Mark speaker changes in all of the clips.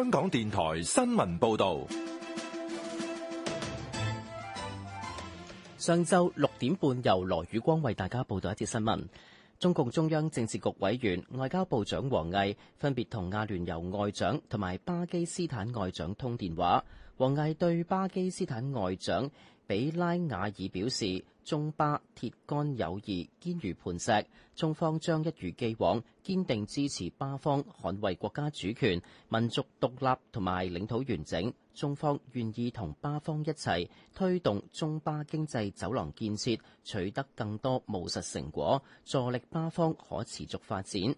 Speaker 1: 香港電台新聞報道，
Speaker 2: 上晝六點半由羅宇光為大家報道一節新聞。中共中央政治局委員、外交部長王毅分別同阿聯酋外長同埋巴基斯坦外長通電話。王毅對巴基斯坦外長比拉瓦爾表示，中巴鐵桿友誼堅如磐石，中方將一如既往堅定支持巴方捍衛國家主權、民族獨立同埋領土完整。中方願意同巴方一齊推動中巴經濟走廊建設，取得更多務實成果，助力巴方可持續發展。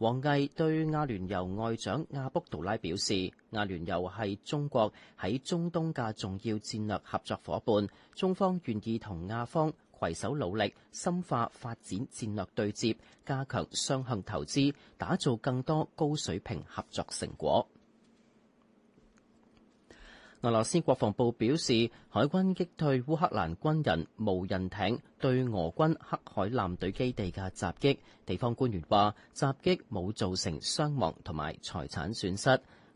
Speaker 2: 王毅對阿聯酋外長阿卜杜拉表示，阿聯酋係中國喺中東嘅重要戰略合作伙伴，中方願意同亞方攜手努力，深化發展戰略對接，加強雙向投資，打造更多高水平合作成果。俄羅斯國防部表示，海軍擊退烏克蘭軍人無人艇對俄軍黑海艦隊基地嘅襲擊。地方官員話，襲擊冇造成傷亡同埋財產損失。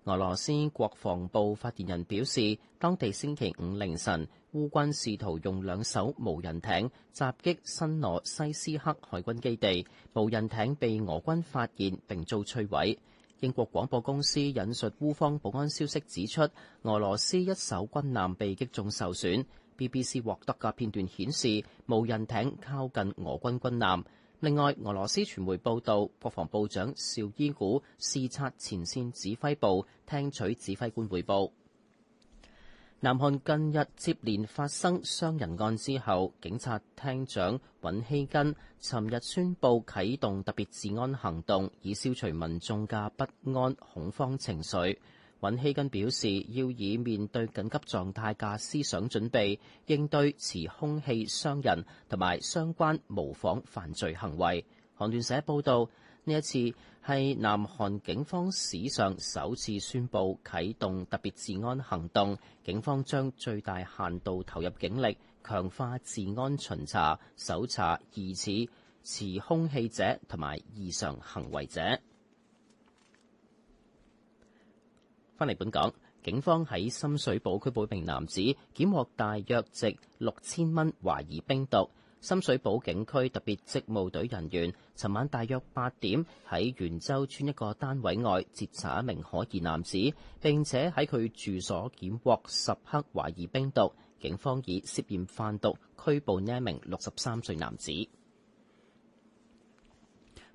Speaker 2: 俄羅斯國防部發言人表示，當地星期五凌晨，烏軍試圖用兩艘無人艇襲擊新羅西斯克海軍基地，無人艇被俄軍發現並遭摧毀。英國廣播公司引述烏方保安消息指出，俄羅斯一艘軍艦被擊中受損。BBC 獲得嘅片段顯示，無人艇靠近俄軍軍艦。另外，俄羅斯傳媒報導，國防部長邵伊古視察前線指揮部，聽取指揮官彙報。南韓近日接連發生傷人案之後，警察廳長尹希根尋日宣布啟動特別治安行動，以消除民眾嘅不安恐慌情緒。尹希根表示，要以面對緊急狀態嘅思想準備，應對持兇器傷人同埋相關模仿犯罪行為。韓聯社報導。呢一次係南韓警方史上首次宣布啟動特別治安行動，警方將最大限度投入警力，強化治安巡查、搜查疑似持兇器者同埋異常行為者。翻嚟本港，警方喺深水埗拘捕一名男子，檢獲大約值六千蚊懷疑冰毒。深水埗警區特別職務隊人員，尋晚大約八點喺元州村一個單位外截查一名可疑男子，並且喺佢住所檢獲十克懷疑冰毒，警方以涉嫌販毒拘捕呢一名六十三歲男子。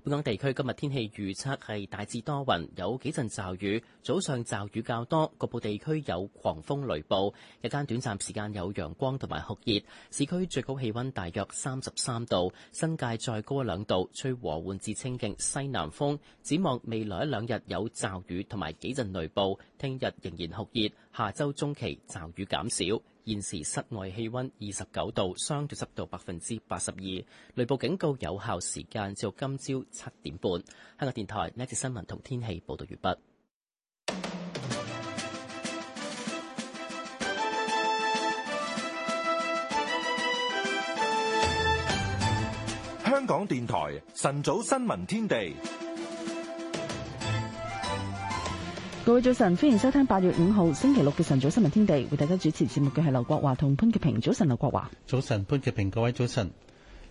Speaker 2: 本港地區今日天氣預測係大致多雲，有幾陣驟雨，早上驟雨較多，局部地區有狂風雷暴，日間短暫時間有陽光同埋酷熱。市區最高氣溫大約三十三度，新界再高一兩度，吹和緩至清勁西南風。展望未來一兩日有驟雨同埋幾陣雷暴，聽日仍然酷熱，下周中期驟雨減少。現時室外氣溫二十九度，相對濕度百分之八十二，雷暴警告有效時間至今朝七點半。香港電台呢次新聞同天氣報道完畢。
Speaker 1: 香港電台晨早新聞天地。
Speaker 3: 各位早晨，歡迎收聽八月五號星期六嘅晨早新聞天地，為大家主持節目嘅係劉國華同潘潔平。早晨，劉國華。
Speaker 4: 早晨，潘潔平。各位早晨。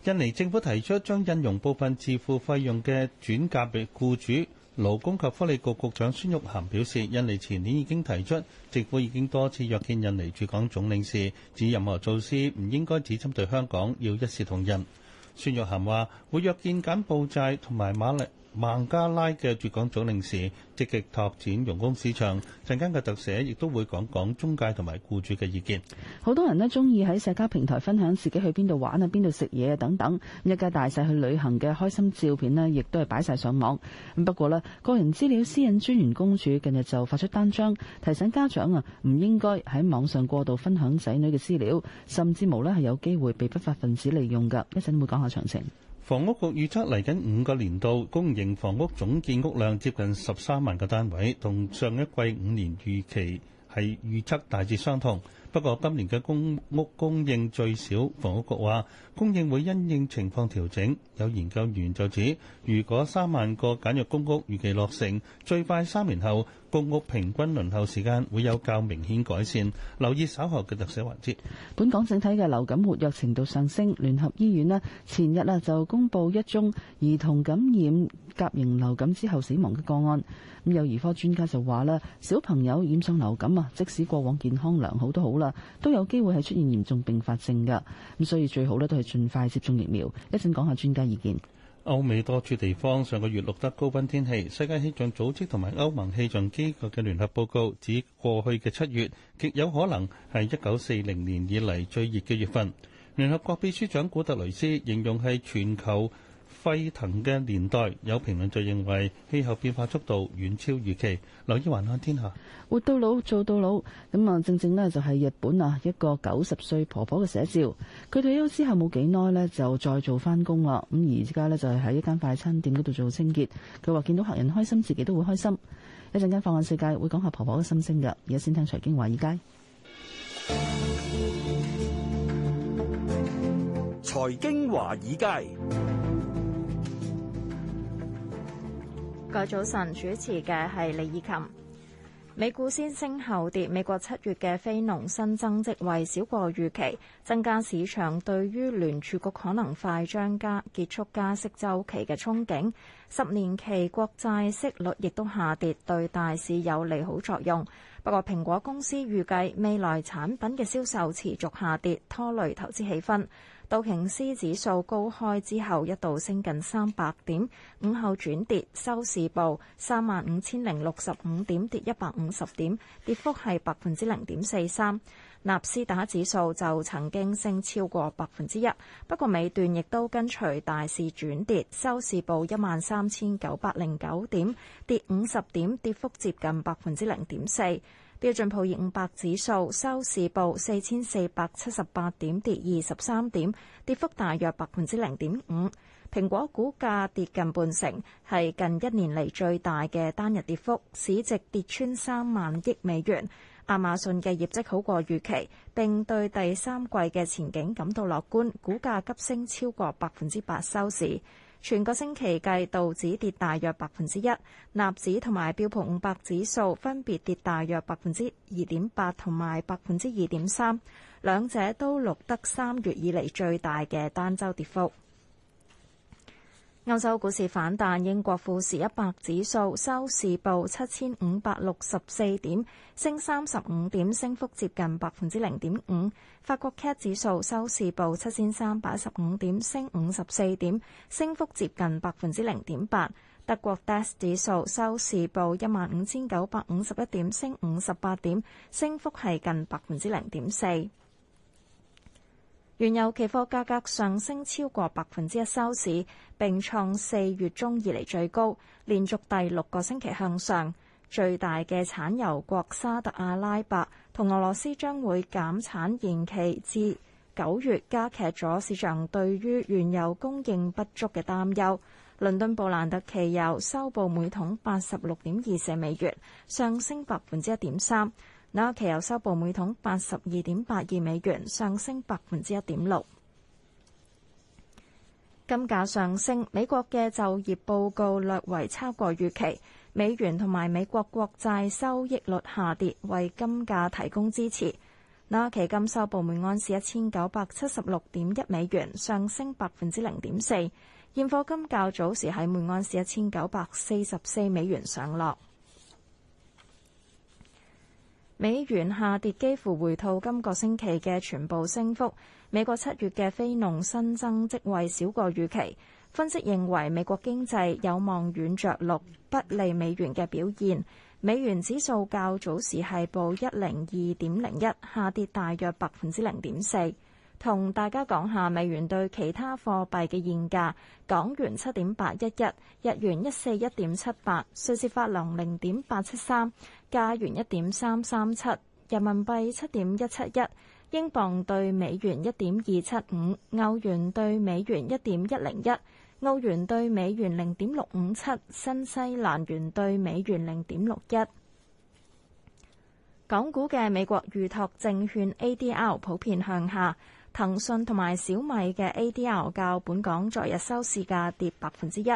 Speaker 4: 印尼政府提出將印傭部分自付費用嘅轉嫁俾僱主。勞工及福利局局，局長孫玉菡表示，印尼前年已經提出，政府已經多次約見印尼駐港總領事，指任何措施唔應該只針對香港，要一視同仁。孫玉菡話會約見柬埔寨同埋馬力。孟加拉嘅駐港總領事積極拓展用工市場。陣間嘅特寫亦都會講講中介同埋僱主嘅意見。
Speaker 3: 好多人呢中意喺社交平台分享自己去邊度玩啊、邊度食嘢啊等等。一家大細去旅行嘅開心照片呢，亦都係擺晒上網。咁不過咧，個人資料私隱專員公署近日就發出單張提醒家長啊，唔應該喺網上過度分享仔女嘅資料，甚至無咧係有機會被不法分子利用㗎。一陣會講下詳情。
Speaker 4: 房屋局預測嚟緊五個年度公營房屋總建屋量接近十三萬個單位，同上一季五年預期係預測大致相同。不過今年嘅公屋供應最少，房屋局話。供應會因應情況調整，有研究員就指，如果三萬個簡約公屋預期落成，最快三年後公屋平均輪候時間會有較明顯改善。留意稍後嘅特
Speaker 3: 寫環節。本港整體嘅流感活躍程度上升，聯合醫院呢前日啊就公布一宗兒童感染甲型流感之後死亡嘅個案。咁有兒科專家就話啦，小朋友染上流感啊，即使過往健康良好都好啦，都有機會係出現嚴重併發症㗎。咁所以最好呢都係。盡快接種疫苗。一陣講下專家意見。
Speaker 4: 歐美多處地方上個月錄得高溫天氣。世界氣象組織同埋歐盟氣象機構嘅聯合報告指，過去嘅七月極有可能係一九四零年以嚟最熱嘅月份。聯合國秘書長古特雷斯形容係全球。沸騰嘅年代，有評論就認為氣候變化速度遠超預期。留意《環球天下》，
Speaker 3: 活到老做到老咁啊！正正呢就係日本啊一個九十歲婆婆嘅寫照。佢退休之後冇幾耐呢，就再做翻工啦咁而家呢，就係喺一間快餐店嗰度做清潔。佢話見到客人開心，自己都會開心。一陣間放眼世界，會講下婆婆嘅心聲㗎。而家先聽財經華爾街。
Speaker 5: 財經華爾街。
Speaker 6: 早晨主持嘅係李以琴。美股先升後跌，美國七月嘅非農新增職位少過預期，增加市場對於聯儲局可能快將加結束加息周期嘅憧憬。十年期國債息率亦都下跌，對大市有利好作用。不過蘋果公司預計未來產品嘅銷售持續下跌，拖累投資氣氛。道瓊斯指數高開之後一度升近三百點，午後轉跌，收市報三萬五千零六十五點，跌一百五十點，跌幅係百分之零點四三。納斯達指數就曾經升超過百分之一，不過尾段亦都跟隨大市轉跌，收市報一萬三千九百零九點，跌五十點，跌幅接近百分之零點四。標準普爾五百指數收市報四千四百七十八點，跌二十三點，跌幅大約百分之零點五。蘋果股價跌近半成，係近一年嚟最大嘅單日跌幅，市值跌穿三萬億美元。亞馬遜嘅業績好過預期，並對第三季嘅前景感到樂觀，股價急升超過百分之八收市。全個星期計，道指跌大約百分之一，納指同埋標普五百指數分別跌大約百分之二點八同埋百分之二點三，兩者都錄得三月以嚟最大嘅單週跌幅。歐洲股市反彈，英國富時一百指數收市報七千五百六十四點，升三十五點，升幅接近百分之零點五。法國 CAC 指數收市報七千三百一十五點，升五十四點，升幅接近百分之零點八。德國 DAX 指數收市報一萬五千九百五十一點，升五十八點，升幅係近百分之零點四。原油期貨價格上升超過百分之一收市，並創四月中以嚟最高，連續第六個星期向上。最大嘅產油國沙特阿拉伯同俄羅斯將會減產延期至九月，加劇咗市場對於原油供應不足嘅擔憂。倫敦布蘭特期油收報每桶八十六點二四美元，上升百分之一點三。拉期油收報每桶八十二點八二美元，上升百分之一點六。金價上升，美國嘅就業報告略為超過預期，美元同埋美國國債收益率下跌，為金價提供支持。拉期金收報每盎司一千九百七十六點一美元，上升百分之零點四。現貨金較早時喺每盎司一千九百四十四美元上落。美元下跌，幾乎回吐今個星期嘅全部升幅。美國七月嘅非農新增職位少過預期，分析認為美國經濟有望軟着陸，不利美元嘅表現，美元指數較早時係報一零二點零一，下跌大約百分之零點四。同大家講下美元對其他貨幣嘅現價：港元七點八一一，日元一四一點七八，瑞士法郎零點八七三，加元一點三三七，人民幣七點一七一，英鎊對美元一點二七五，歐元對美元一點一零一，澳元對美元零點六五七，新西蘭元對美元零點六一。港股嘅美國預託證券 ADR 普遍向下。騰訊同埋小米嘅 A.D.L. 較本港昨日收市價跌百分之一，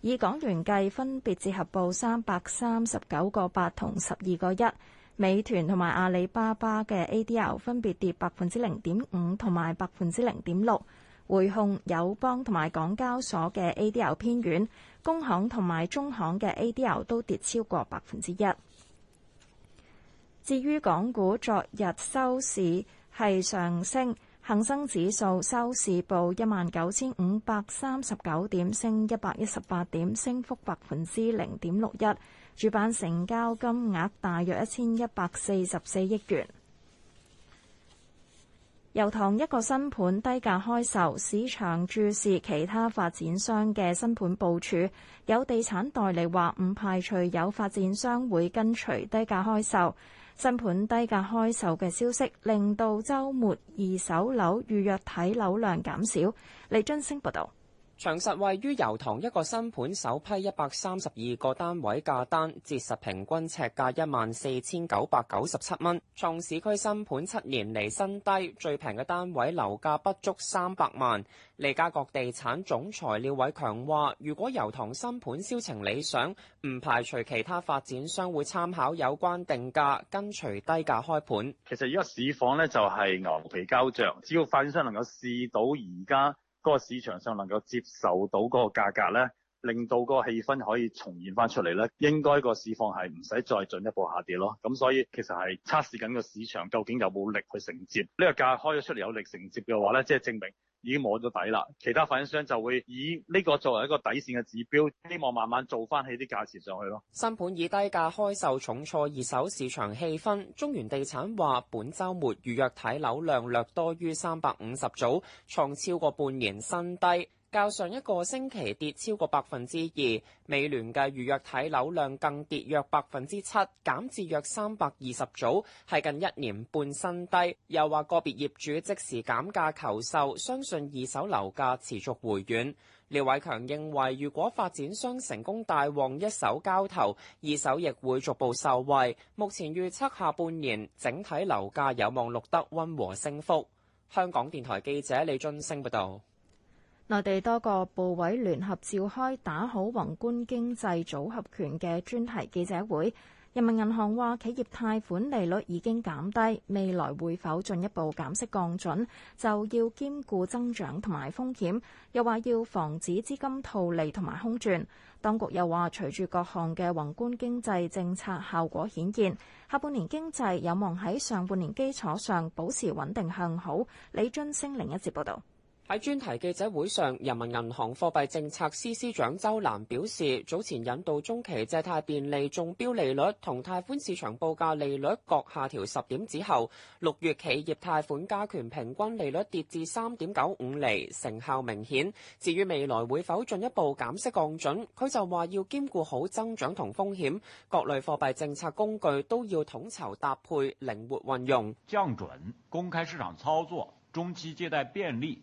Speaker 6: 以港元計分別折合報三百三十九個八同十二個一。美團同埋阿里巴巴嘅 A.D.L. 分別跌百分之零點五同埋百分之零點六。匯控、友邦同埋港交所嘅 A.D.L. 偏軟，工行同埋中行嘅 A.D.L. 都跌超過百分之一。至於港股，昨日收市係上升。恒生指數收市報一萬九千五百三十九點，升一百一十八點，升幅百分之零點六一。主板成交金額大約一千一百四十四億元。油塘一個新盤低價開售，市場注視其他發展商嘅新盤部署。有地產代理話唔排除有發展商會跟隨低價開售。新盤低價開售嘅消息，令到週末二手樓預約睇樓量減少。李津星報道。
Speaker 7: 長實位於油塘一個新盤首批一百三十二個單位價單，折實平均尺價一萬四千九百九十七蚊，創市區新盤七年嚟新低，最平嘅單位樓價不足三百萬。利嘉閣地產總裁廖偉強話：，如果油塘新盤銷情理想，唔排除其他發展商會參考有關定價，跟隨低價開盤。
Speaker 8: 其實而家市況呢，就係牛皮膠著，只要發展商能夠試到而家。嗰個市場上能夠接受到嗰個價格呢，令到個氣氛可以重現翻出嚟咧，應該個市況係唔使再進一步下跌咯。咁所以其實係測試緊個市場究竟有冇力去承接。呢個價開咗出嚟有力承接嘅話咧，即係證明已經摸咗底啦。其他發展商就會以呢個作為一個底線嘅指標，希望慢慢做翻起啲價錢上去咯。
Speaker 7: 新盤以低價開售重挫二手市場氣氛，中原地產話本週末預約睇樓量略多於三百五十組，創超過半年新低。較上一個星期跌超過百分之二，美聯嘅預約睇樓量更跌約百分之七，減至約三百二十組，係近一年半新低。又話個別業主即時減價求售，相信二手樓價持續回軟。廖偉強認為，如果發展商成功帶旺一手交投，二手亦會逐步受惠。目前預測下半年整體樓價有望錄得溫和升幅。香港電台記者李津升報導。
Speaker 6: 內地多個部委聯合召開打好宏觀經濟組合拳嘅專題記者會。人民銀行話，企業貸款利率已經減低，未來會否進一步減息降準，就要兼顧增長同埋風險，又話要防止資金套利同埋空轉。當局又話，隨住各項嘅宏觀經濟政策效果顯現，下半年經濟有望喺上半年基礎上保持穩定向好。李津升另一節報道。
Speaker 7: 喺專題記者會上，人民銀行貨幣政策司司長周蘭表示，早前引導中期借貸便利中標利率同貸款市場報價利率各下調十點之後，六月企業貸款加權平均利率跌至三點九五厘，成效明顯。至於未來會否進一步減息降準，佢就話要兼顧好增長同風險，各類貨幣
Speaker 5: 政策工具都要統籌搭配，靈活運用。降準、公開市場操作、中期借貸便利，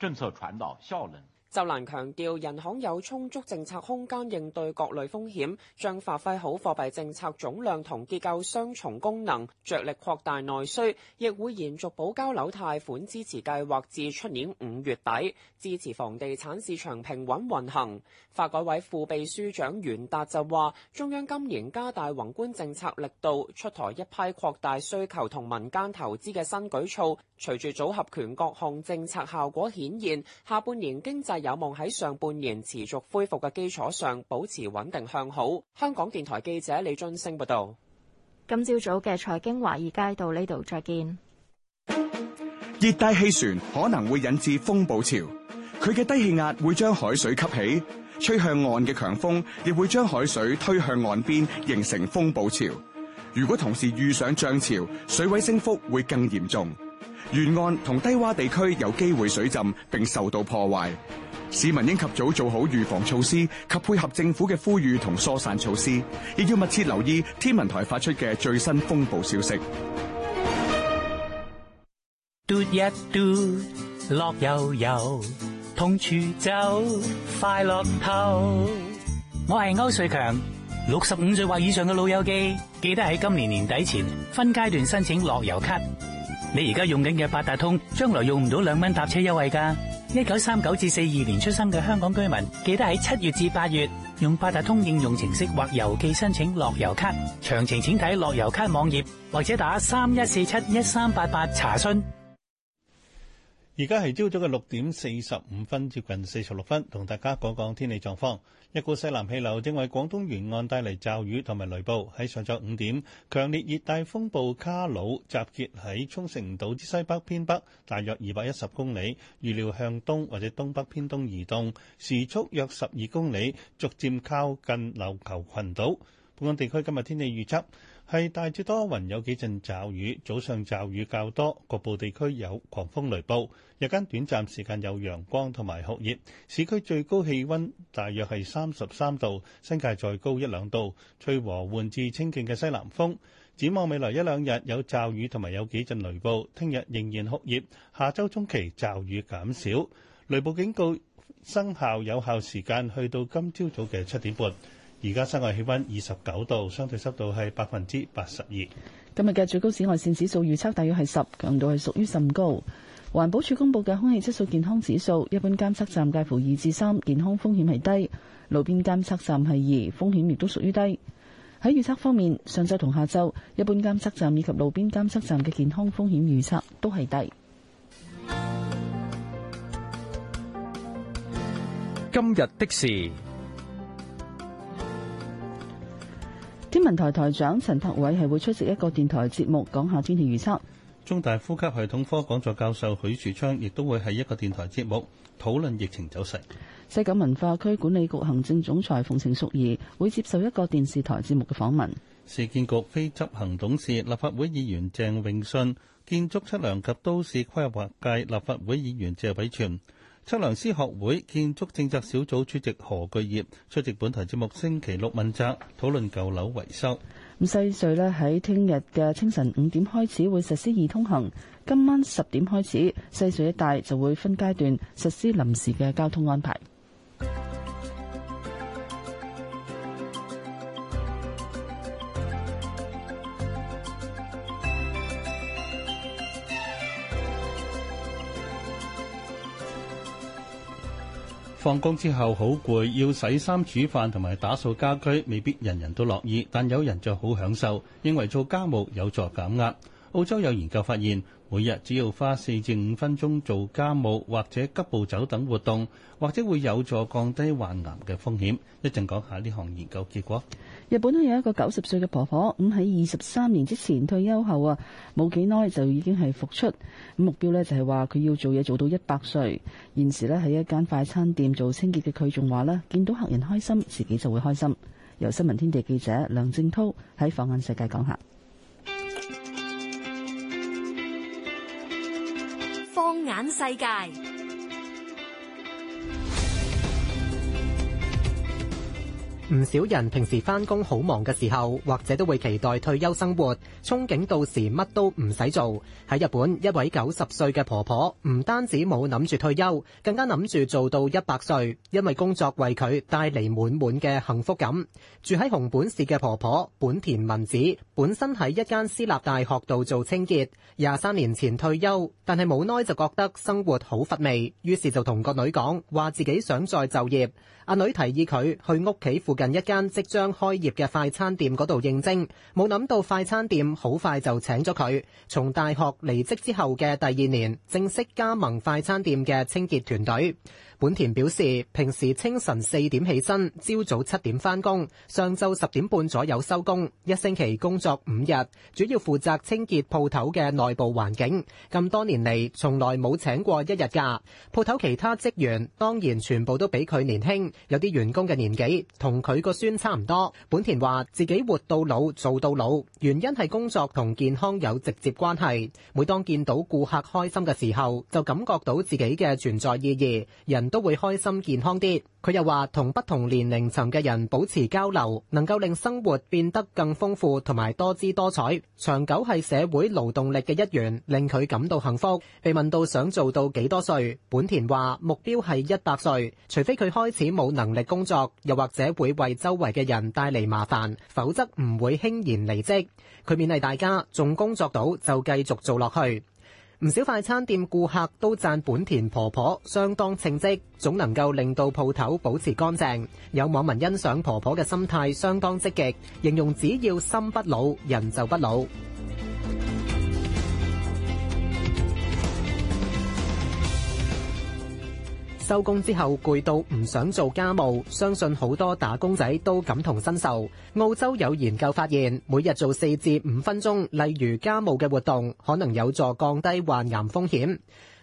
Speaker 5: 政策傳導效能。
Speaker 7: 就難強調人行有充足政策空間應對各類風險，將發揮好貨幣政策總量同結構雙重功能，着力擴大內需，亦會延續保交樓貸款支持計劃至出年五月底，支持房地產市場平穩運行。發改委副秘書長袁達就話：中央今年加大宏觀政策力度，出台一批擴大需求同民間投資嘅新舉措，隨住組合拳各項政策效果顯現，下半年經濟有望喺上半年持續恢復嘅基礎上保持穩定向好。香港電台記者李津升報道。
Speaker 6: 今朝早嘅財經華爾街，到呢度再見。
Speaker 7: 熱
Speaker 9: 帶氣旋可能會引致風暴潮，佢嘅低氣壓會將海水吸起，吹向岸嘅強風亦會將海水推向岸邊，形成風暴潮。如果同時遇上漲潮，水位升幅會更嚴重，沿岸同低窪地區有機會水浸並受到破壞。市民應及早做好預防措施及配合政府嘅呼籲同疏散措施，亦要密切留意天文台發出嘅最新風暴消息。
Speaker 7: 嘟一嘟，樂悠悠，痛處走，快樂透。我係歐瑞強，六十五歲或以上嘅老友記，記得喺今年年底前分階段申請樂游卡。你而家用緊嘅八達通，將來用唔到兩蚊搭車優惠噶。一九三九至四二年出生嘅香港居民，記得喺七月至八月用八達通應用程式或郵寄申請樂悠卡。詳情請
Speaker 4: 睇樂悠卡網頁或者打三一四七一三八八查詢。而家係朝早嘅六點四十五分，接近四十六分，同大家講講天氣狀況。一股西南氣流正為廣東沿岸帶嚟驟雨同埋雷暴。喺上晝五點，強烈熱帶風暴卡努集結喺沖繩島之西北偏北，大約二百一十公里，預料向東或者東北偏東移動，時速約十二公里，逐漸靠近琉球群島。本港地區今日天，天氣預測，係大致多雲，有幾陣驟雨，早上驟雨較多，局部地區有狂風雷暴，日間短暫時間有陽光同埋酷熱。市區最高氣溫大約係三十三度，新界再高一兩度。吹和緩至清勁嘅西南風。展望未來一兩日有驟雨同埋有幾陣雷暴，聽日仍然酷熱，下周中期驟雨減少，雷暴警告生效有效時間去到今朝早嘅七點半。而家室外氣溫二十九度，相對濕度係百分之八十二。
Speaker 3: 今日嘅最高紫外線指數預測大約係十，強度係屬於甚高。環保署公布嘅空氣質素健康指數，一般監測站介乎二至三，健康風險係低；路邊監測站係二，風險亦都屬於低。喺預測方面，上晝同下晝，一般監測站以及路邊監測站嘅健康風險預測都係低。
Speaker 8: 今日的時。
Speaker 3: 天文台台長陳柏偉係會出席一個電台節目講下天氣預測，
Speaker 4: 中大呼吸系統科講座教授許樹昌亦都會係一個電台節目討論疫情走勢。
Speaker 3: 西九文化區管理局行政總裁馮程淑儀會接受一個電視台節目嘅訪問。
Speaker 4: 市建局非執行董事、立法會議員鄭永信，建築測量及都市規劃界立法會議員謝偉銓，測量師學會建築政策小組主席何巨業出席本台節目星期六問責，討論舊樓維修。咁
Speaker 3: 西隧咧喺聽日嘅清晨五點開始會實施易通行，今晚十點開始，西隧一帶就會分階段實施臨時嘅交通安排。
Speaker 4: 放工之後好攰，要洗衫、煮飯同埋打掃家居，未必人人都樂意，但有人就好享受，認為做家務有助減壓。澳洲有研究發現，每日只要花四至五分鐘做家務或者急步走等活動，或者會有助降低患癌嘅風險。講一陣講下呢項研究結果。
Speaker 3: 日本呢有一個九十歲嘅婆婆，咁喺二十三年之前退休後啊，冇幾耐就已經係復出。目標呢就係話佢要做嘢做到一百歲。現時呢，喺一間快餐店做清潔嘅佢，仲話呢，見到客人開心，自己就會開心。由新聞天地記者梁正濤喺放眼世界講下。
Speaker 10: 放眼世界。
Speaker 11: 唔少人平時返工好忙嘅時候，或者都會期待退休生活，憧憬到時乜都唔使做。喺日本，一位九十歲嘅婆婆唔單止冇諗住退休，更加諗住做到一百歲，因為工作為佢帶嚟滿滿嘅幸福感。住喺熊本市嘅婆婆本田文子，本身喺一間私立大學度做清潔，廿三年前退休，但係冇耐就覺得生活好乏味，於是就同個女講話自己想再就業。阿女提議佢去屋企附近一間即將開業嘅快餐店嗰度應徵，冇諗到快餐店好快就請咗佢。從大學離職之後嘅第二年，正式加盟快餐店嘅清潔團隊。本田表示，平時清晨四點起身，朝早七點返工，上晝十點半左右收工，一星期工作五日，主要負責清潔鋪頭嘅內部環境。咁多年嚟，從來冇請過一日假。鋪頭其他職員當然全部都比佢年輕，有啲員工嘅年紀同佢個孫差唔多。本田話自己活到老做到老，原因係工作同健康有直接關係，每當見到顧客開心嘅時候，就感覺到自己嘅存在意義。人。都會開心健康啲。佢又話同不同年齡層嘅人保持交流，能夠令生活變得更豐富同埋多姿多彩。長久係社會勞動力嘅一員令佢感到幸福。被問到想做到幾多歲？本田話目標係一百歲，除非佢開始冇能力工作，又或者會為周圍嘅人帶嚟麻煩，否則唔會輕言離職，佢勉勵大家，仲工作到就繼續做落去。唔少快餐店顧客都讚本田婆婆相當稱職，總能夠令到鋪頭保持乾淨。有網民欣賞婆婆嘅心態相當積極，形容只要心不老，人就不老。收工之後攰到唔想做家務，相信好多打工仔都感同身受。澳洲有研究發現，每日做四至五分鐘，例如家務嘅活動，可能有助降低患癌風險。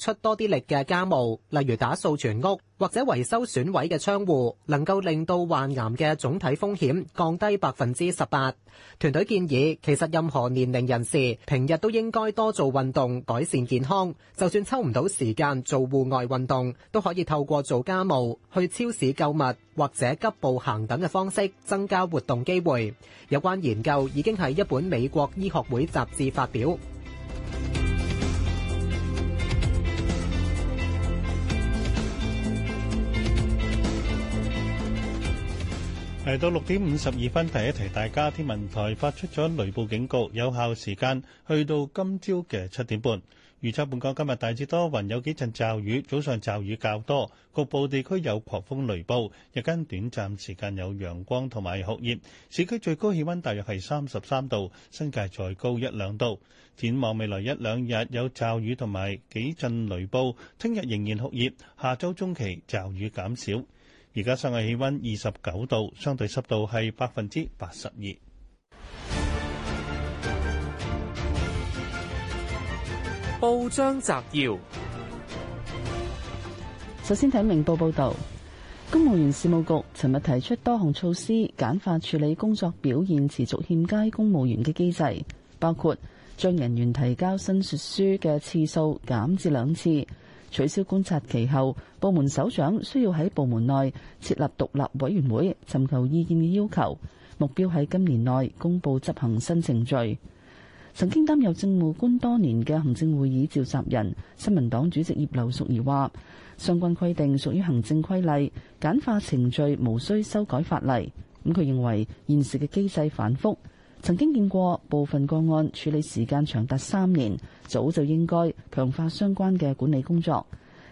Speaker 11: 出多啲力嘅家務，例如打掃全屋或者維修損毀嘅窗戶，能夠令到患癌嘅總體風險降低百分之十八。團隊建議，其實任何年齡人士平日都應該多做運動，改善健康。就算抽唔到時間做戶外運動，都可以透過做家務、去超市購物或者急步行等嘅方式增加活動機會。有關研究已經喺一本美國醫學會雜誌發表。
Speaker 4: 嚟到六點五十二分，提一提大家，天文台發出咗雷暴警告，有效時間去到今朝嘅七點半。預測本港今日大致多雲，有幾陣驟雨，早上驟雨較多，局部地區有狂風雷暴，日間短暫時間有陽光同埋酷熱。市區最高氣温大約係三十三度，新界再高一兩度。展望未來一兩日有驟雨同埋幾陣雷暴，聽日仍然酷熱，下週中期驟雨減少。而家室外氣温二十九度，相對濕度係百分之八十二。報章摘要：
Speaker 3: 首先睇明報報道，公務員事務局尋日提出多項措施，簡化處理工作表現持續欠佳公務員嘅機制，包括將人員提交申述書嘅次數減至兩次。取消觀察期後，部門首長需要喺部門內設立獨立委員會，尋求意見嘅要求，目標喺今年內公布執行新程序。曾經擔任政務官多年嘅行政會議召集人、新民黨主席葉劉淑儀話：相關規定屬於行政規例，簡化程序無需修改法例。咁佢認為現時嘅機制反覆。曾經見過部分個案處理時間長達三年，早就應該強化相關嘅管理工作。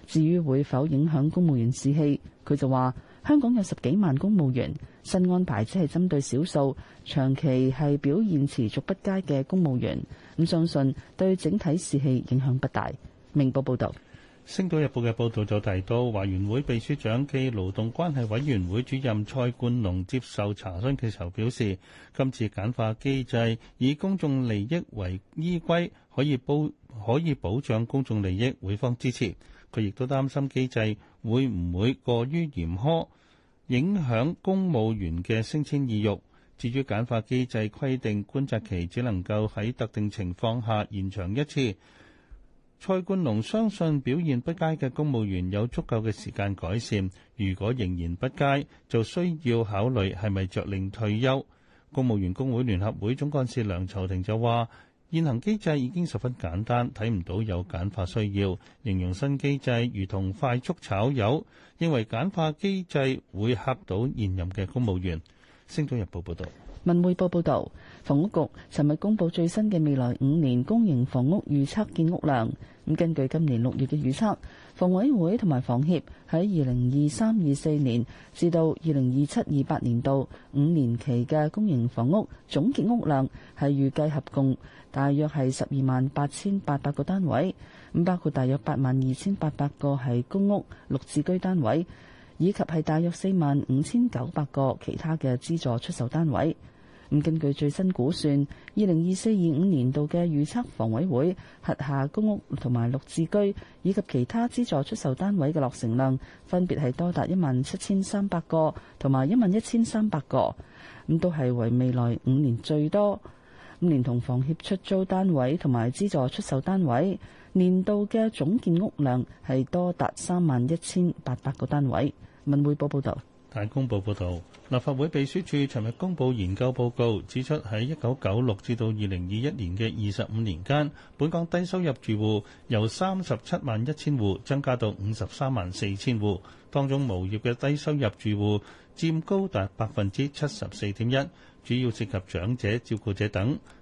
Speaker 3: 至於會否影響公務員士氣，佢就話：香港有十幾萬公務員，新安排只係針對少數長期係表現持續不佳嘅公務員，唔相信對整體士氣影響不大。明報報導。
Speaker 4: 星島日報嘅報導就提到，華員會秘書長暨勞動關係委員會主任蔡冠龍接受查詢嘅時候表示，今次簡化機制以公眾利益為依歸，可以保可以保障公眾利益，會方支持。佢亦都擔心機制會唔會過於嚴苛，影響公務員嘅升遷意欲。至於簡化機制規定觀察期只能夠喺特定情況下延長一次。蔡冠龍相信表現不佳嘅公務員有足夠嘅時間改善，如果仍然不佳，就需要考慮係咪著令退休。公務員工會聯合會總幹事梁籌庭就話：現行機制已經十分簡單，睇唔到有簡化需要。形容新機制如同快速炒魷，認為簡化機制會嚇到現任嘅公務員。星島日報報導，
Speaker 3: 文匯報報導。房屋局尋日公布最新嘅未來五年公營房屋預測建屋量。咁根據今年六月嘅預測，房委會同埋房協喺二零二三、二四年至到二零二七、二八年度五年期嘅公營房屋總建屋量係預計合共大約係十二萬八千八百個單位。咁包括大約八萬二千八百個係公屋、綠置居單位，以及係大約四萬五千九百個其他嘅資助出售單位。咁根據最新估算，二零二四二五年度嘅預測，房委會轄下公屋同埋綠置居以及其他資助出售單位嘅落成量，分別係多達一萬七千三百個同埋一萬一千三百個，咁都係為未來五年最多。連同房協出租單位同埋資助出售單位年度嘅總建屋量係多達三萬一千八百個單位。文匯報報道。
Speaker 4: 《大公報》報道，立法會秘書處尋日公布研究報告，指出喺一九九六至到二零二一年嘅二十五年間，本港低收入住戶由三十七萬一千戶增加到五十三萬四千戶，當中無業嘅低收入住戶佔高達百分之七十四點一，主要涉及長者、照顧者等。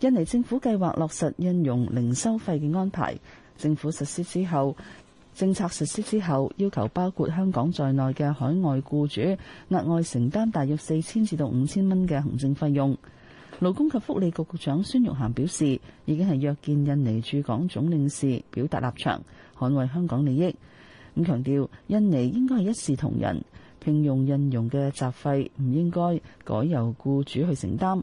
Speaker 3: 印尼政府計劃落實印傭零收費嘅安排，政府實施之後，政策實施之後，要求包括香港在內嘅海外雇主額外承擔大約四千至到五千蚊嘅行政費用。勞工及福利局局長孫玉菡表示，已經係約見印尼駐港總領事，表達立場，捍衛香港利益，咁強調印尼應該係一視同仁，聘用印傭嘅雜費唔應該改由雇主去承擔。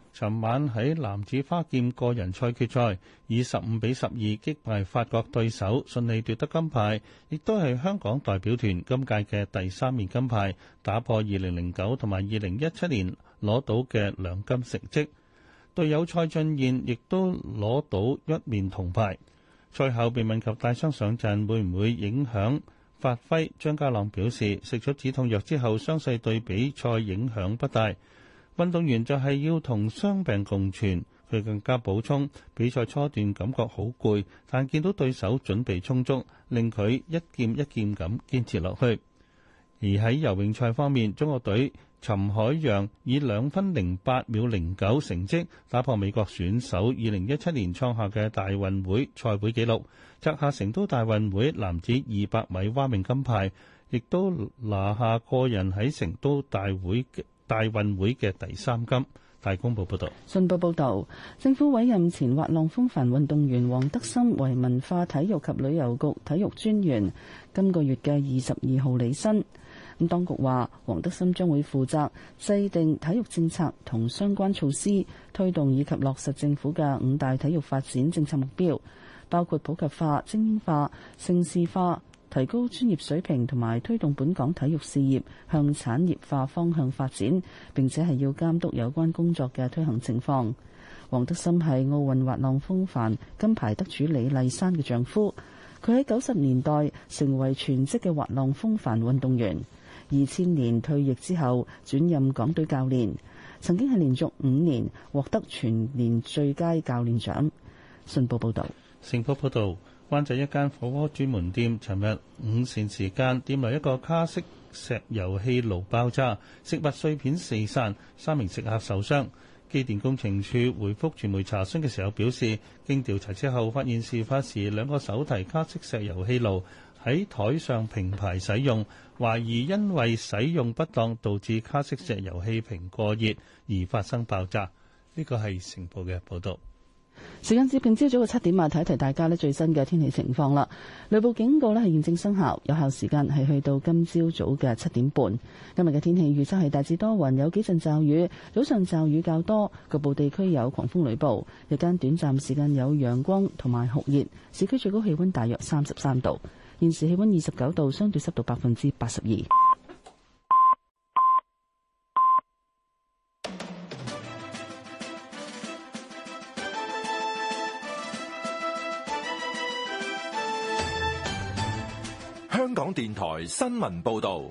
Speaker 4: 尋晚喺男子花劍個人賽決賽，以十五比十二擊敗法國對手，順利奪得金牌，亦都係香港代表團今屆嘅第三面金牌，打破二零零九同埋二零一七年攞到嘅兩金成績。隊友蔡俊彥亦都攞到一面銅牌。賽後被問及帶傷上陣會唔會影響發揮，張家朗表示食咗止痛藥之後，傷勢對比賽影響不大。運動員就係要同傷病共存，佢更加補充。比賽初段感覺好攰，但見到對手準備充足，令佢一劍一劍咁堅持落去。而喺游泳賽方面，中國隊覃海洋以兩分零八秒零九成績打破美國選手二零一七年創下嘅大運會賽會紀錄，摘下成都大運會男子二百米蛙泳金牌，亦都拿下個人喺成都大會大運會嘅第三金，大
Speaker 3: 公報報道，信報報導，政府委任前滑浪風帆運動員黃德森為文化體育及旅遊局體育專員，今個月嘅二十二號履新。咁當局話，黃德森將會負責制定體育政策同相關措施，推動以及落實政府嘅五大體育發展政策目標，包括普及化、精英化、盛事化。提高專業水平同埋推動本港體育事業向產業化方向發展，並且係要監督有關工作嘅推行情況。黃德森係奧運滑浪風帆金牌得主李麗珊嘅丈夫，佢喺九十年代成為全職嘅滑浪風帆運動員，二千年退役之後轉任港隊教練，曾經係連續五年獲得全年最佳教練獎，信報報道。
Speaker 4: 信報報道灣仔一間火鍋專門店，尋日午膳時間，店內一個卡式石油氣爐爆炸，食物碎片四散，三名食客受傷。機電工程署回覆傳媒查詢嘅時候表示，經調查之後發現，事發時兩個手提卡式石油氣爐喺台上平排使用，懷疑因為使用不當導致卡式石油氣瓶過熱而發生爆炸。呢個係成報嘅報導。
Speaker 3: 時間接近朝早嘅七點啊，提一提大家呢，最新嘅天氣情況啦。雷暴警告呢係現正生效，有效時間係去到今朝早嘅七點半。今日嘅天氣預測係大致多雲，有幾陣驟雨，早上驟雨較多，局部地區有狂風雷暴。日間短暫時間有陽光同埋酷熱，市區最高氣溫大約三十三度。現時氣溫二十九度，相對濕度百分之八十二。
Speaker 1: 香港電台新聞報道，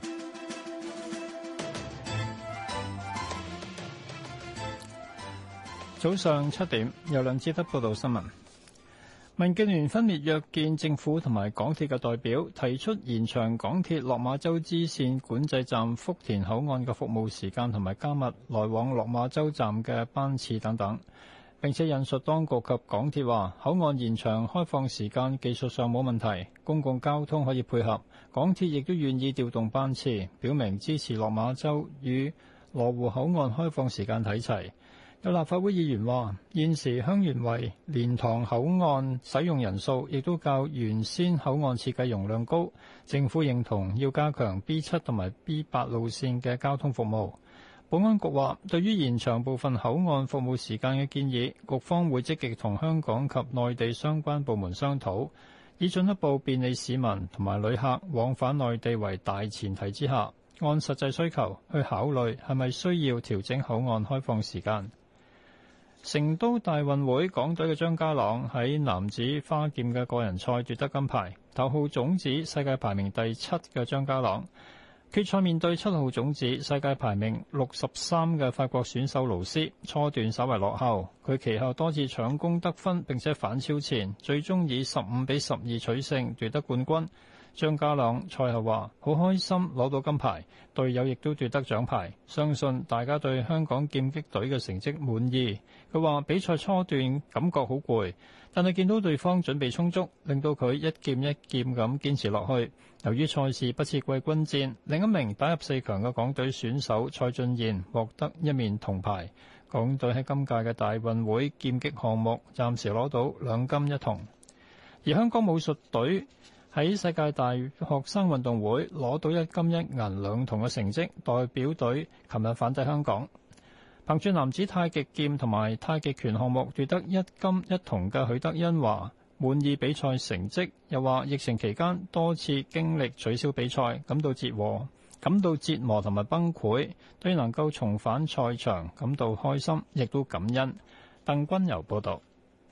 Speaker 12: 早上七點由梁志德報道新聞。民建聯分別約見政府同埋港鐵嘅代表，提出延長港鐵落馬洲支線管制站福田口岸嘅服務時間，同埋加密來往落馬洲站嘅班次等等。並且引述當局及港鐵話：口岸延長開放時間技術上冇問題，公共交通可以配合。港鐵亦都願意調動班次，表明支持落馬洲與羅湖口岸開放時間睇齊。有立法會議員話：現時香園圍、蓮塘口岸使用人數亦都較原先口岸設計容量高，政府認同要加強 B 七同埋 B 八路線嘅交通服務。保安局話，對於延長部分口岸服務時間嘅建議，局方會積極同香港及內地相關部門商討，以進一步便利市民同埋旅客往返內地為大前提之下，按實際需求去考慮係咪需要調整口岸開放時間。成都大運會港隊嘅張家朗喺男子花劍嘅個人賽奪得金牌，頭號種子、世界排名第七嘅張家朗。決賽面對七號種子，世界排名六十三嘅法國選手盧斯，初段稍為落後，佢其後多次搶攻得分，並且反超前，最終以十五比十二取勝，奪得冠軍。張家朗賽後話：好開心攞到金牌，隊友亦都奪得獎牌，相信大家對香港劍擊隊嘅成績滿意。佢話比賽初段感覺好攰。但係見到對方準備充足，令到佢一劍一劍咁堅持落去。由於賽事不設季軍戰，另一名打入四強嘅港隊選手蔡俊賢獲得一面銅牌。港隊喺今屆嘅大運會劍擊項目暫時攞到兩金一銅。而香港武術隊喺世界大學生運動會攞到一金一銀兩銅嘅成績，代表隊琴日返抵香港。行住男子太極劍同埋太極拳項目奪得一金一銅嘅許德恩話：滿意比賽成績，又話疫情期間多次經歷取消比賽，感到折和，感到折磨同埋崩潰，對能夠重返賽場感到開心，亦都感恩。鄧君柔報道。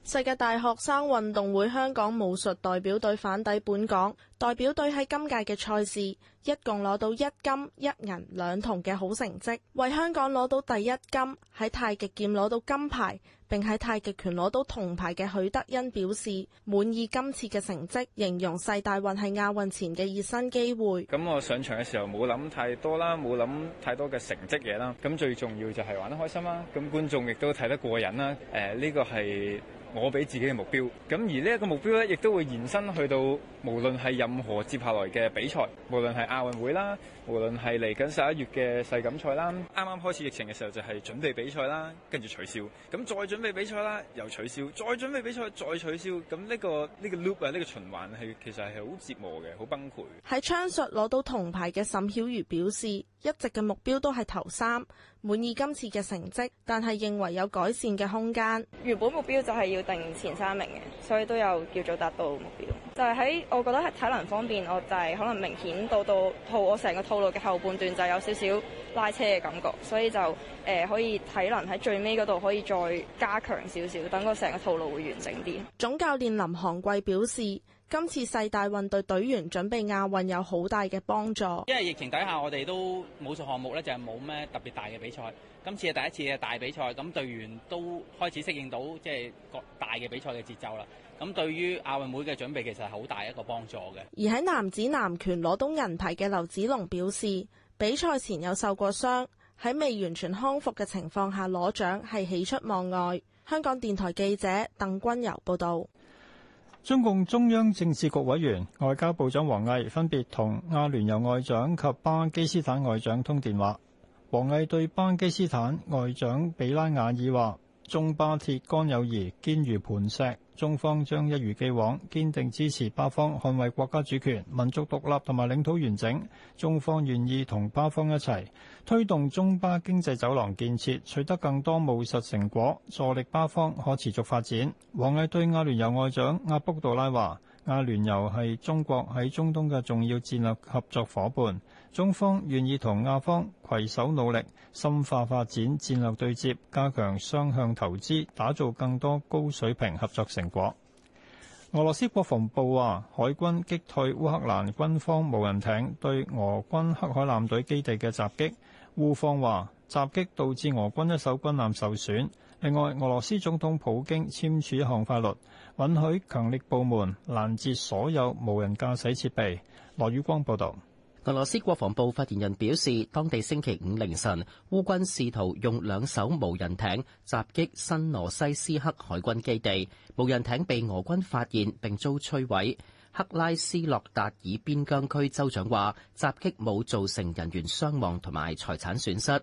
Speaker 13: 世界大學生運動會香港武術代表隊返抵本港，代表隊喺今屆嘅賽事一共攞到一金一銀兩銅嘅好成績，為香港攞到第一金，喺太極劍攞到金牌，並喺太極拳攞到銅牌嘅許德欣表示滿意今次嘅成績，形容世大運係亞運前嘅熱身機會。
Speaker 12: 咁我上場嘅時候冇諗太多啦，冇諗太多嘅成績嘢啦。咁最重要就係玩得開心啦。咁觀眾亦都睇得過癮啦。誒、呃、呢、這個係。我俾自己嘅目標，咁而呢一個目標咧，亦都會延伸去到無論係任何接下來嘅比賽，無論係亞運會啦，無論係嚟緊十一月嘅世錦賽啦，啱啱開始疫情嘅時候就係準備比賽啦，跟住取消，咁再準備比賽啦，又取消，再準備比賽，再取消，咁呢個呢個 loop 啊，呢個循環係其實係好折磨嘅，好崩潰。
Speaker 13: 喺槍術攞到銅牌嘅沈曉瑜表示，一直嘅目標都係頭三。滿意今次嘅成績，但係認為有改善嘅空間。原本目標就係要定前三名嘅，所以都有叫做達到目標。就喺我覺得喺體能方面，我就係可能明顯到到套我成個套路嘅後半段，就有少少拉車嘅感覺，所以就誒可以體能喺最尾嗰
Speaker 6: 度可以再加強少少，等個成個套路會完整啲。
Speaker 13: 總教練林航貴表示。今次世大運對隊，隊員準備亞運有好大嘅幫助，因
Speaker 6: 為疫情
Speaker 14: 底下我哋都武術項目咧就係冇咩特別大嘅比賽，今次係第一次嘅大比賽，咁隊員都開始適應到即係各大嘅比賽嘅節奏啦。咁對於亞運會嘅準備其實係好大的一個幫助嘅。
Speaker 13: 而喺男子南拳攞到銀牌嘅劉子龍表示，比賽前有受過傷，喺未完全康復嘅情況下攞獎係喜出望外。香港電台記者鄧君遊報導。中共
Speaker 12: 中央政治局委員、外交部長王毅分別同阿聯酋外長及巴基斯坦外長通電話，王毅對巴基斯坦外長比拉瓦爾話，中巴鐵桿友誼堅如磐石。中方將一如既往堅定支持巴方捍衛國家主權、民族獨立同埋領土完整。中方願意同巴方一齊推動中巴經濟走廊建設，取得更多務實成果，助力巴方可持續發展。王毅對阿聯酋外長阿卜杜拉話，阿聯酋係中國喺中東嘅重要戰略合作伙伴。中方願意同亞方攜手努力，深化發展戰略對接，加強雙向投資，打造更多高水平合作成果。俄羅斯國防部話，海軍擊退烏克蘭軍方無人艇對俄軍黑海艦隊基地嘅襲擊。烏方話襲擊導致俄軍一艘軍艦受損。另外，俄羅斯總統普京簽署一項法律，允許強力部門
Speaker 2: 攔截所有無人駕駛設備。羅宇光報道。俄羅斯國防部發言人表示，當地星期五凌晨，烏軍試圖用兩艘無人艇襲擊新羅西斯克海軍基地，無人艇被俄軍發現並遭摧毀。克拉斯諾達爾邊疆區州長話，襲擊冇造成人員傷亡同埋財產損失。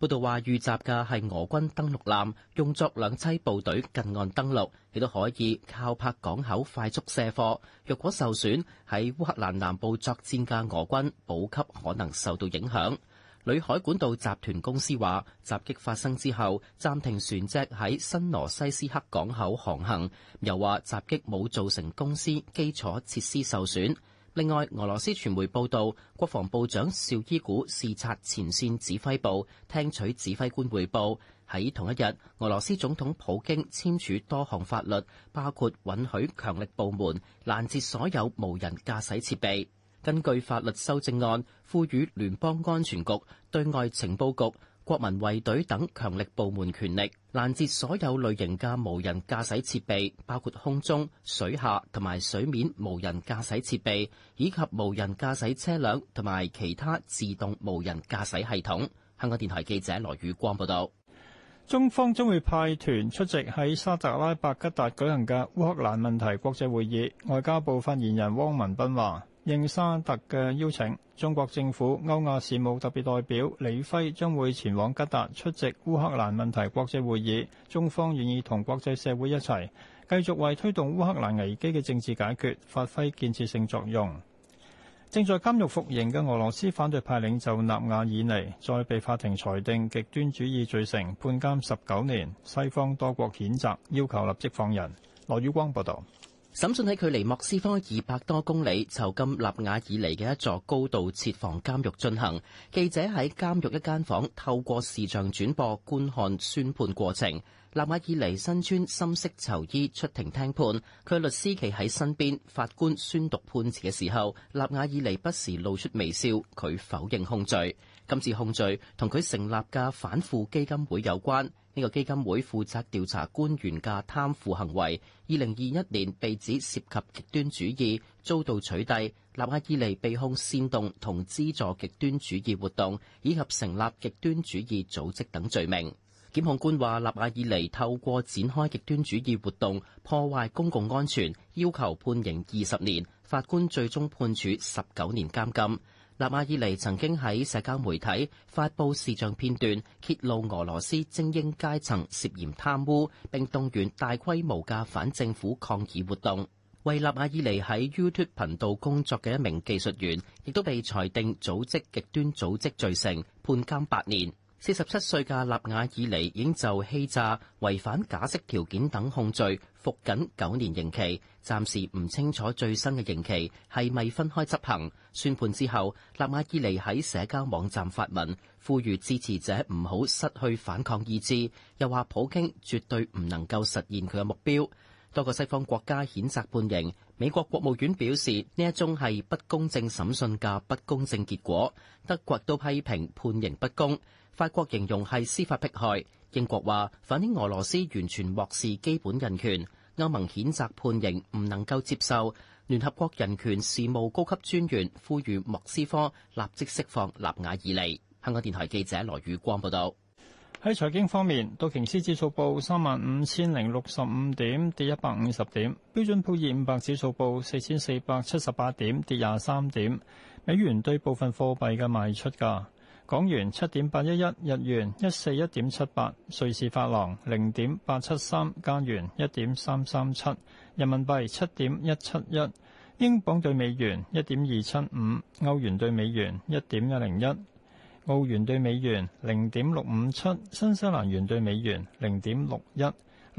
Speaker 2: 報道話遇襲嘅係俄軍登陸艦，用作兩棲部隊近岸登陸，亦都可以靠泊港口快速卸貨，若果受損，喺烏克蘭南部作戰嘅俄軍，補給可能受到影響。裏海管道集團公司話，襲擊發生之後，暫停船隻喺新羅西斯克港口航行，又話襲擊冇造成公司基礎設施受損。另外，俄羅斯傳媒報道，國防部長邵伊古視察前線指揮部，聽取指揮官匯報。喺同一日，俄羅斯總統普京簽署多項法律，包括允許強力部門攔截所有無人駕駛設備。根據法律修正案，賦予聯邦安全局對外情報局。國民衛隊等強力部門權力攔截所有類型嘅無人駕駛設備，包括空中、水下同埋水面無人駕駛設備，以及無人駕駛車輛同埋其他自動無人駕駛系統。香港電台記者羅宇光報道。中方將會派團出席喺
Speaker 12: 沙特拉伯吉達舉行嘅烏克蘭問題國際會議。外交部發言人汪文斌話。應沙特嘅邀請，中國政府歐亞事務特別代表李輝將會前往吉達出席烏克蘭問題國際會議。中方願意同國際社會一齊，繼續為推動烏克蘭危機嘅政治解決發揮建設性作用。正在監獄服刑嘅俄羅斯反對派領袖納瓦爾尼再被法庭裁定極端主義罪成，判監十九年。西方多國譴責，
Speaker 2: 要求立即放人。羅宇光報道。審訊喺距離莫斯科二百多公里，囚禁納瓦爾尼嘅一座高度設防監獄進行。記者喺監獄一間房透過視像轉播觀看宣判過程。納瓦爾尼身穿深色囚衣出庭聽判，佢律師企喺身邊。法官宣讀判詞嘅時候，納瓦爾尼不時露出微笑。佢否認控罪。今次控罪同佢成立嘅反腐基金會有關。呢個基金會負責調查官員嘅貪腐行為，二零二一年被指涉及極端主義，遭到取締。納瓦爾尼被控煽動同資助極端主義活動，以及成立極端主義組織等罪名。檢控官話納瓦爾尼透過展開極端主義活動破壞公共安全，要求判刑二十年。法官最終判處十九年監禁。納瓦爾尼曾經喺社交媒體發布視像片段，揭露俄羅斯精英階層涉嫌貪污，並動員大規模嘅反政府抗議活動。為納瓦爾尼喺 YouTube 頻道工作嘅一名技術員，亦都被裁定組織極端組織罪成，判監八年。四十七歲嘅納瓦爾尼已經就欺詐、違反假釋條件等控罪服緊九年刑期，暫時唔清楚最新嘅刑期係咪分開執行。宣判之後，納瓦爾尼喺社交網站發文，呼籲支持者唔好失去反抗意志，又話普京絕對唔能夠實現佢嘅目標。多個西方國家譴責判刑，美國國務院表示呢一宗係不公正審訊嘅不公正結果，德國都批評判刑不公，法國形容係司法迫害，英國話反映俄羅斯完全漠視基本人權，歐盟譴責判刑唔能夠接受。聯合國人權事務高級專員呼籲莫斯科立即釋放納瓦爾尼。香港電台記者羅宇光報道。喺財經方面，道瓊斯指數報三萬五千零
Speaker 12: 六十五點，跌一百五十點；標準普爾五百指數報四千四百七十八點，跌廿三點。美元對部分貨幣嘅賣出價。港元七點八一一，日元一四一點七八，瑞士法郎零點八七三，加元一點三三七，人民幣七點一七一，英鎊對美元一點二七五，歐元對美元一點一零一，澳元對美元零點六五七，新西蘭元對美元零點六一，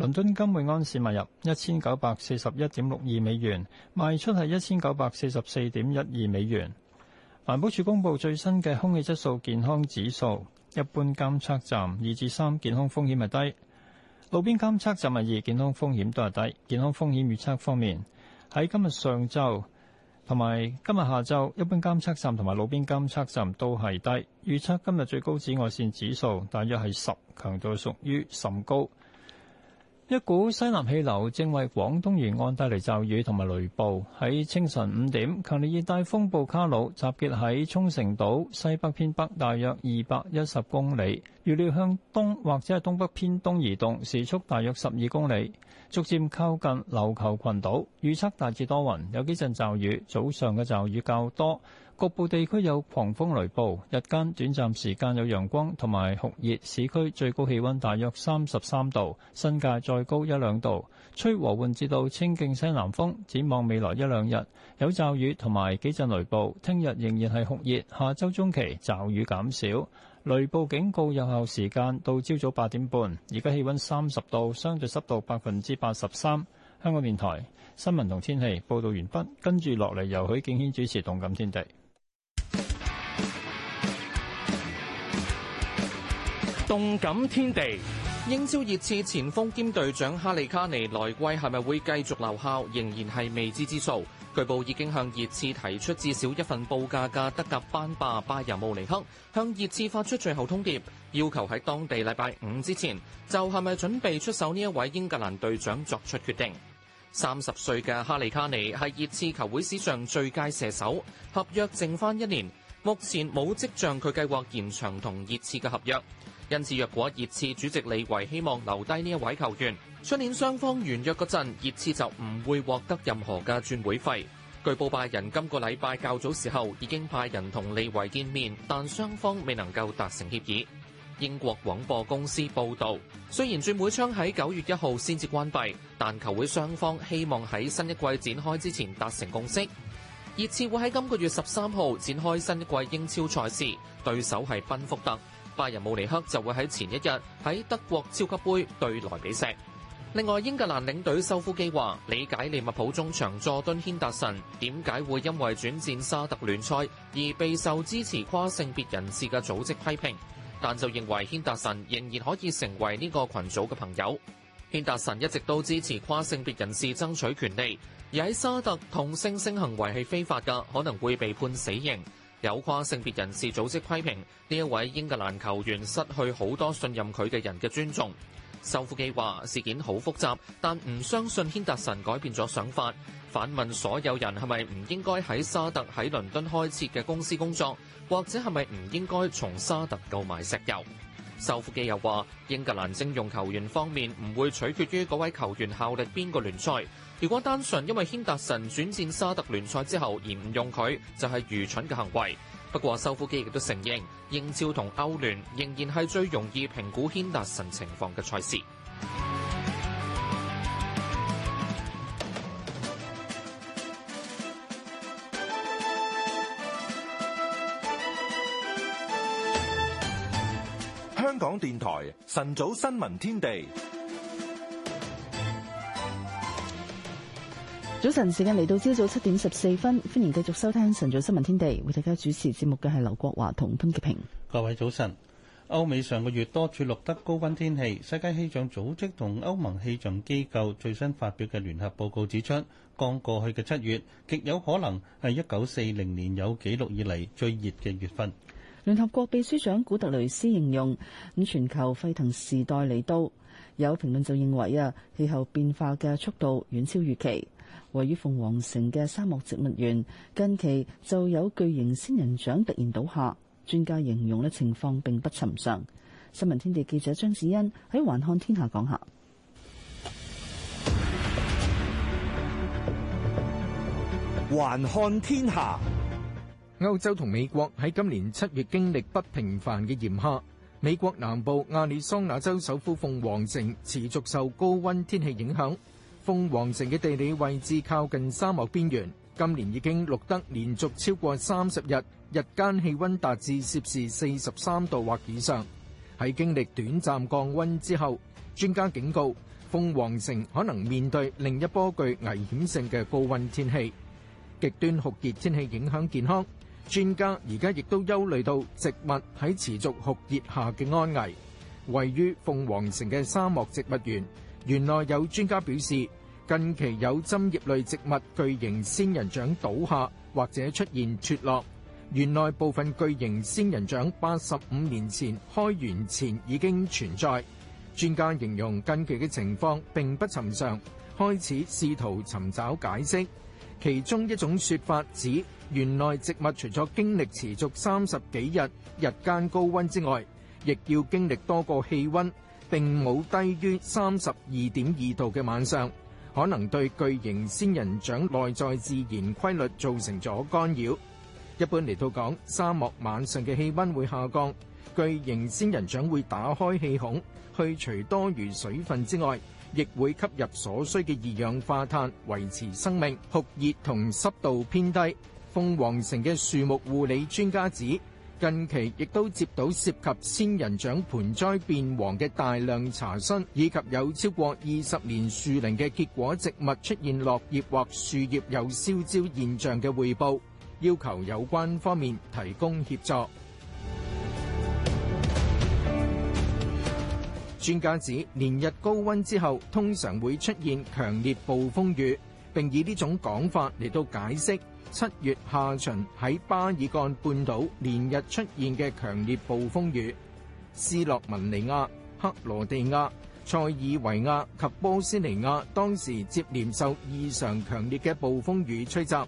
Speaker 12: 倫敦金每安士買入一千九百四十一點六二美元，賣出係一千九百四十四點一二美元。環保署公布最新嘅空氣質素健康指數，一般監測站二至三，健康風險係低；路邊監測站係二，健康風險都係低。健康風險預測方面，喺今日上晝同埋今日下晝，一般監測站同埋路邊監測站都係低。預測今日最高紫外線指數大約係十，強度屬於甚高。一股西南氣流正為廣東沿岸帶嚟驟雨同埋雷暴。喺清晨五點，強烈熱帶風暴卡魯集結喺沖繩島西北偏北，大約二百一十公里，預料向東或者係東北偏東移動，時速大約十二公里。逐漸靠近琉球群島，預測大致多雲，有幾陣驟雨，早上嘅驟雨較多，局部地區有狂風雷暴，日間短暫時間有陽光同埋酷熱，市區最高氣温大約三十三度，新界再高一兩度，吹和緩至到清勁西南風，展望未來一兩日有驟雨同埋幾陣雷暴，聽日仍然係酷熱，下周中期驟雨減少。雷暴警告有效時間到朝早八點半，而家氣温三十度，相對濕度百分之八十三。香港電台新聞同天氣報道完畢，跟住落嚟由許敬軒主持《動感天地》。
Speaker 14: 動感天地，英超熱刺前鋒兼隊長哈利卡尼，來季係咪會繼續留效，仍然係未知之數。據報已經向熱刺提出至少一份報價嘅德甲班霸拜仁慕尼黑，向熱刺發出最後通牒，要求喺當地禮拜五之前就係、是、咪準備出手呢一位英格蘭隊長作出決定。三十歲嘅哈利卡尼係熱刺球會史上最佳射手，合約剩翻一年，目前冇跡象佢計劃延長同熱刺嘅合約。因此，若果熱刺主席李維希望留低呢一位球員，出年雙方完約嗰陣，熱刺就唔會獲得任何嘅轉會費。據報拜仁今個禮拜較早時候已經派人同李維見面，但雙方未能夠達成協議。英國廣播公司報道，雖然轉會窗喺九月一號先至關閉，但球會雙方希望喺新一季展開之前達成共識。熱刺會喺今個月十三號展開新一季英超賽事，對手係賓福特。拜仁慕尼克就會喺前一日喺德國超級杯對萊比錫。另外，英格蘭領隊修夫基話：理解利物浦中場佐敦軒達臣點解會因為轉戰沙特聯賽而備受支持跨性別人士嘅組織批評，但就認為軒達臣仍然可以成為呢個群組嘅朋友。軒達臣一直都支持跨性別人士爭取權利，而喺沙特同性性行為係非法嘅，可能會被判死刑。有跨性別人士組織批評呢一位英格蘭球員失去好多信任佢嘅人嘅尊重。修夫基話事件好複雜，但唔相信軒達臣改變咗想法，反問所有人係咪唔應該喺沙特喺倫敦開設嘅公司工作，或者係咪唔應該從沙特購買石油？修夫基又話英格蘭徵用球員方面唔會取決於嗰位球員效力邊個聯賽。如果單純因為軒達臣轉戰沙特聯賽之後而唔用佢，就係、是、愚蠢嘅行為。不過，修夫基亦都承認，英超同歐聯仍然係最容易評估軒達臣情況嘅賽事。
Speaker 1: 香港電台晨早新聞天地。
Speaker 3: 早晨，時間嚟到，朝早七點十四分，歡迎繼續收聽《晨早新聞天地》。為大家主持節目嘅係劉國華同潘潔平。
Speaker 4: 各位早晨。歐美上個月多處錄得高溫天氣。世界氣象組織同歐盟氣象機構最新發表嘅聯合報告指出，剛過去嘅七月極有可能係一九四零年有記錄以嚟最熱嘅月份。
Speaker 3: 聯合國秘書長古特雷斯形容咁全球沸騰時代嚟到。有評論就認為啊，氣候變化嘅速度遠超預期。位於鳳凰城嘅沙漠植物園近期就有巨型仙人掌突然倒下，專家形容呢情況並不尋常。新聞天地記者張子欣喺《環看天下》講下，
Speaker 1: 《環看天下》歐洲同美國喺今年七月經歷不平凡嘅炎夏，美國南部亞利桑那州首府鳳凰城持續受高溫天氣影響。鳳凰城嘅地理位置靠近沙漠邊緣，今年已經錄得連續超過三十日，日間氣溫達至攝氏四十三度或以上。喺經歷短暫降溫之後，專家警告，鳳凰城可能面對另一波具危險性嘅高溫天氣。極端酷熱天氣影響健康，專家而家亦都憂慮到植物喺持續酷熱下嘅安危。位於鳳凰城嘅沙漠植物園，園內有專家表示。近期有針葉類植物巨型仙人掌倒下或者出現脫落。園內部分巨型仙人掌八十五年前開園前已經存在。專家形容近期嘅情況並不尋常，開始試圖尋找解釋。其中一種說法指，園內植物除咗經歷持續三十幾日日間高溫之外，亦要經歷多個氣溫並冇低於三十二點二度嘅晚上。可能對巨型仙人掌內在自然規律造成咗干擾。一般嚟到講，沙漠晚上嘅氣溫會下降，巨型仙人掌會打開氣孔，去除多餘水分之外，亦會吸入所需嘅二氧化碳維持生命。酷熱同濕度偏低，鳳凰城嘅樹木護理專家指：近期亦都接到涉及仙人掌盆栽變黃嘅大量查詢，以及有超過二十年樹齡嘅結果植物出現落葉或樹葉有燒焦現象嘅匯報，要求有關方面提供協助。專 家指連日高温之後，通常會出現強烈暴風雨，並以呢種講法嚟到解釋。七月下旬喺巴爾幹半島連日出現嘅強烈暴風雨，斯洛文尼亞、克羅地亞、塞爾維亞及波斯尼亞當時接連受異常強烈嘅暴風雨吹襲，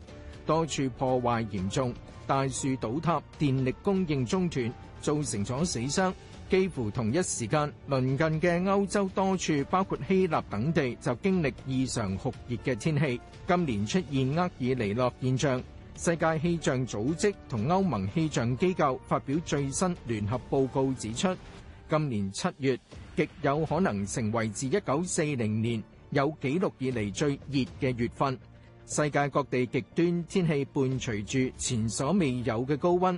Speaker 1: 多處破壞嚴重，大樹倒塌、電力供應中斷，造成咗死傷。幾乎同一時間，鄰近嘅歐洲多處，包括希臘等地，就經歷異常酷熱嘅天氣。今年出現厄爾尼諾現象，世界氣象組織同歐盟氣象機構發表最新聯合報告指出，今年七月，極有可能成為自1940年有紀錄以來最熱嘅月份。世界各地極端天氣伴隨住前所未有的高温。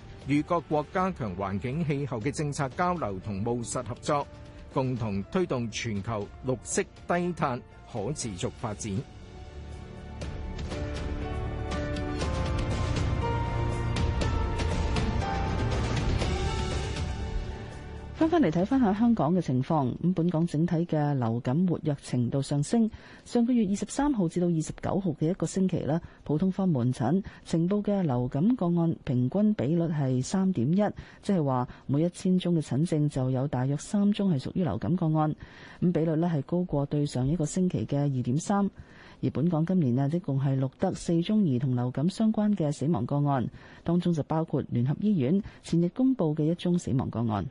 Speaker 1: 與各國加強環境氣候嘅政策交流同務實合作，共同推動全球綠色低碳可持續發展。
Speaker 3: 翻翻嚟睇翻下香港嘅情況。咁，本港整體嘅流感活躍程度上升。上個月二十三號至到二十九號嘅一個星期呢，普通科門診呈報嘅流感個案平均比率係三點一，即係話每一千宗嘅診症就有大約三宗係屬於流感個案。咁比率呢係高過對上一個星期嘅二點三。而本港今年呢，一共係錄得四宗兒童流感相關嘅死亡個案，當中就包括聯合醫院前日公佈嘅一宗死亡個案。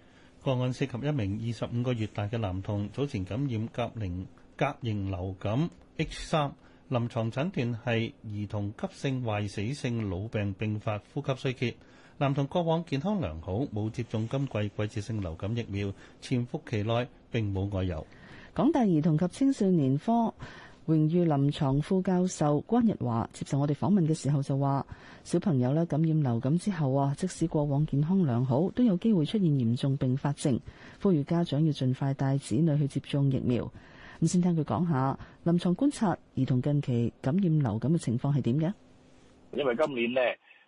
Speaker 4: 個案涉及一名二十五個月大嘅男童，早前感染甲零甲型流感 H 三，臨床診斷係兒童急性壞死性腦病並發呼吸衰竭。男童過往健康良好，冇接種今季季節性流感疫苗，潛伏期內並冇外遊。
Speaker 3: 港大兒童及青少年科榮譽臨床副教授關日華接受我哋訪問嘅時候就話：小朋友咧感染流感之後啊，即使過往健康良好，都有機會出現嚴重併發症。呼籲家長要盡快帶子女去接種疫苗。咁先聽佢講下臨床觀察兒童近期感染流感嘅情況係點嘅。
Speaker 4: 因為今
Speaker 15: 年呢，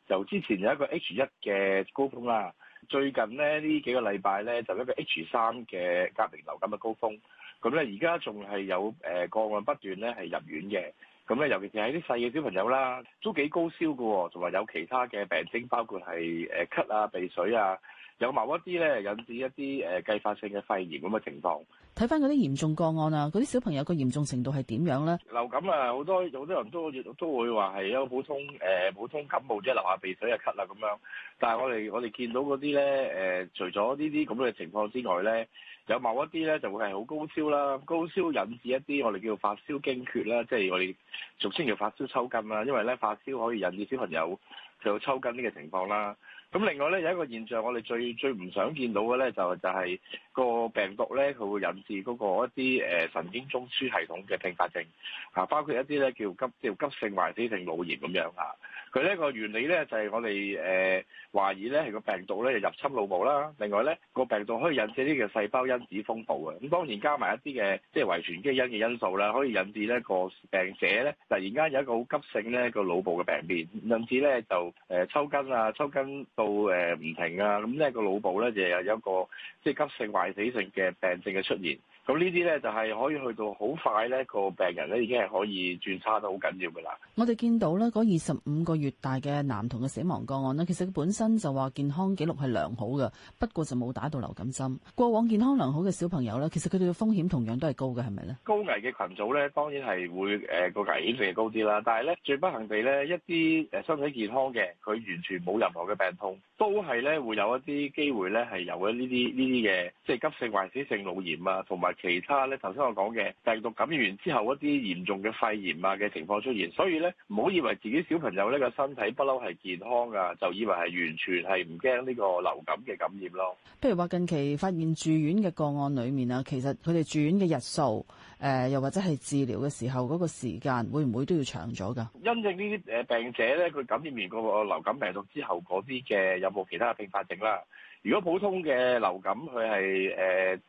Speaker 15: 由之前有一個 H 一嘅高峰啦，最近呢幾個禮拜呢，就一個 H 三嘅甲型流感嘅高峰。咁咧，而家仲係有誒個案不斷咧，係入院嘅。咁咧，尤其是啲細嘅小朋友啦，都幾高燒㗎喎。同埋有其他嘅病徵，包括係誒咳啊、鼻水啊。有某一啲咧，引致一啲、呃、繼發性嘅肺炎咁嘅情況。
Speaker 3: 睇翻嗰啲嚴重個案啊，嗰啲小朋友個嚴重程度係點樣咧？
Speaker 15: 流感啊，好多好多人都都會話係一個普通、呃、普通感冒，即係流下鼻水啊、咳啦咁樣。但係我哋我哋見到嗰啲咧、呃、除咗呢啲咁嘅情況之外咧，有某一啲咧就會係好高燒啦，高燒引致一啲我哋叫發燒驚厥啦，即係我哋俗稱叫發燒抽筋啦。因為咧發燒可以引致小朋友有抽筋呢個情況啦。咁另外咧有一個現象我，我哋最最唔想見到嘅咧就就是、係個病毒咧，佢會引致嗰個一啲誒神經中樞系統嘅併發症，啊，包括一啲咧叫急叫急性壞死性腦炎咁樣啊。佢呢個原理咧就係我哋誒懷疑咧係個病毒咧入侵腦部啦，另外咧個病毒可以引致呢個細胞因子風暴啊，咁當然加埋一啲嘅即係遺傳基因嘅因素啦，可以引致呢個病者咧突然間有一個好急性咧個腦部嘅病變，甚至咧就誒抽筋啊，抽筋到誒唔停啊，咁咧個腦部咧就有一個即係急性壞死性嘅病症嘅出現。咁呢啲咧就係、是、可以去到好快咧，個病人咧已經係可以轉差得好緊要㗎啦。
Speaker 3: 我哋見到咧嗰二十五個月大嘅男童嘅死亡個案呢，其實佢本身就話健康記錄係良好嘅，不過就冇打到流感針。過往健康良好嘅小朋友咧，其實佢哋嘅風險同樣都係高嘅，係咪呢？
Speaker 15: 高危嘅群組咧，當然係會誒個、呃、危險性係高啲啦。但係咧最不幸地咧，一啲誒身體健康嘅，佢完全冇任何嘅病痛，都係咧會有一啲機會咧係有咗呢啲呢啲嘅，即係急性壞死性腦炎啊，同埋。其他咧，頭先我講嘅病毒感染完之後一啲嚴重嘅肺炎啊，嘅情況出現，所以咧，唔好以為自己小朋友呢個身體不嬲係健康噶，就以為係完全係唔驚呢個流感嘅感染咯。
Speaker 3: 譬如話近期發現住院嘅個案裡面啊，其實佢哋住院嘅日數，誒、呃、又或者係治療嘅時候嗰個時間，會唔會都要長咗噶？
Speaker 15: 因應呢啲誒病者咧，佢感染完嗰個流感病毒之後嗰啲嘅有冇其他嘅併發症啦？如果普通嘅流感，佢係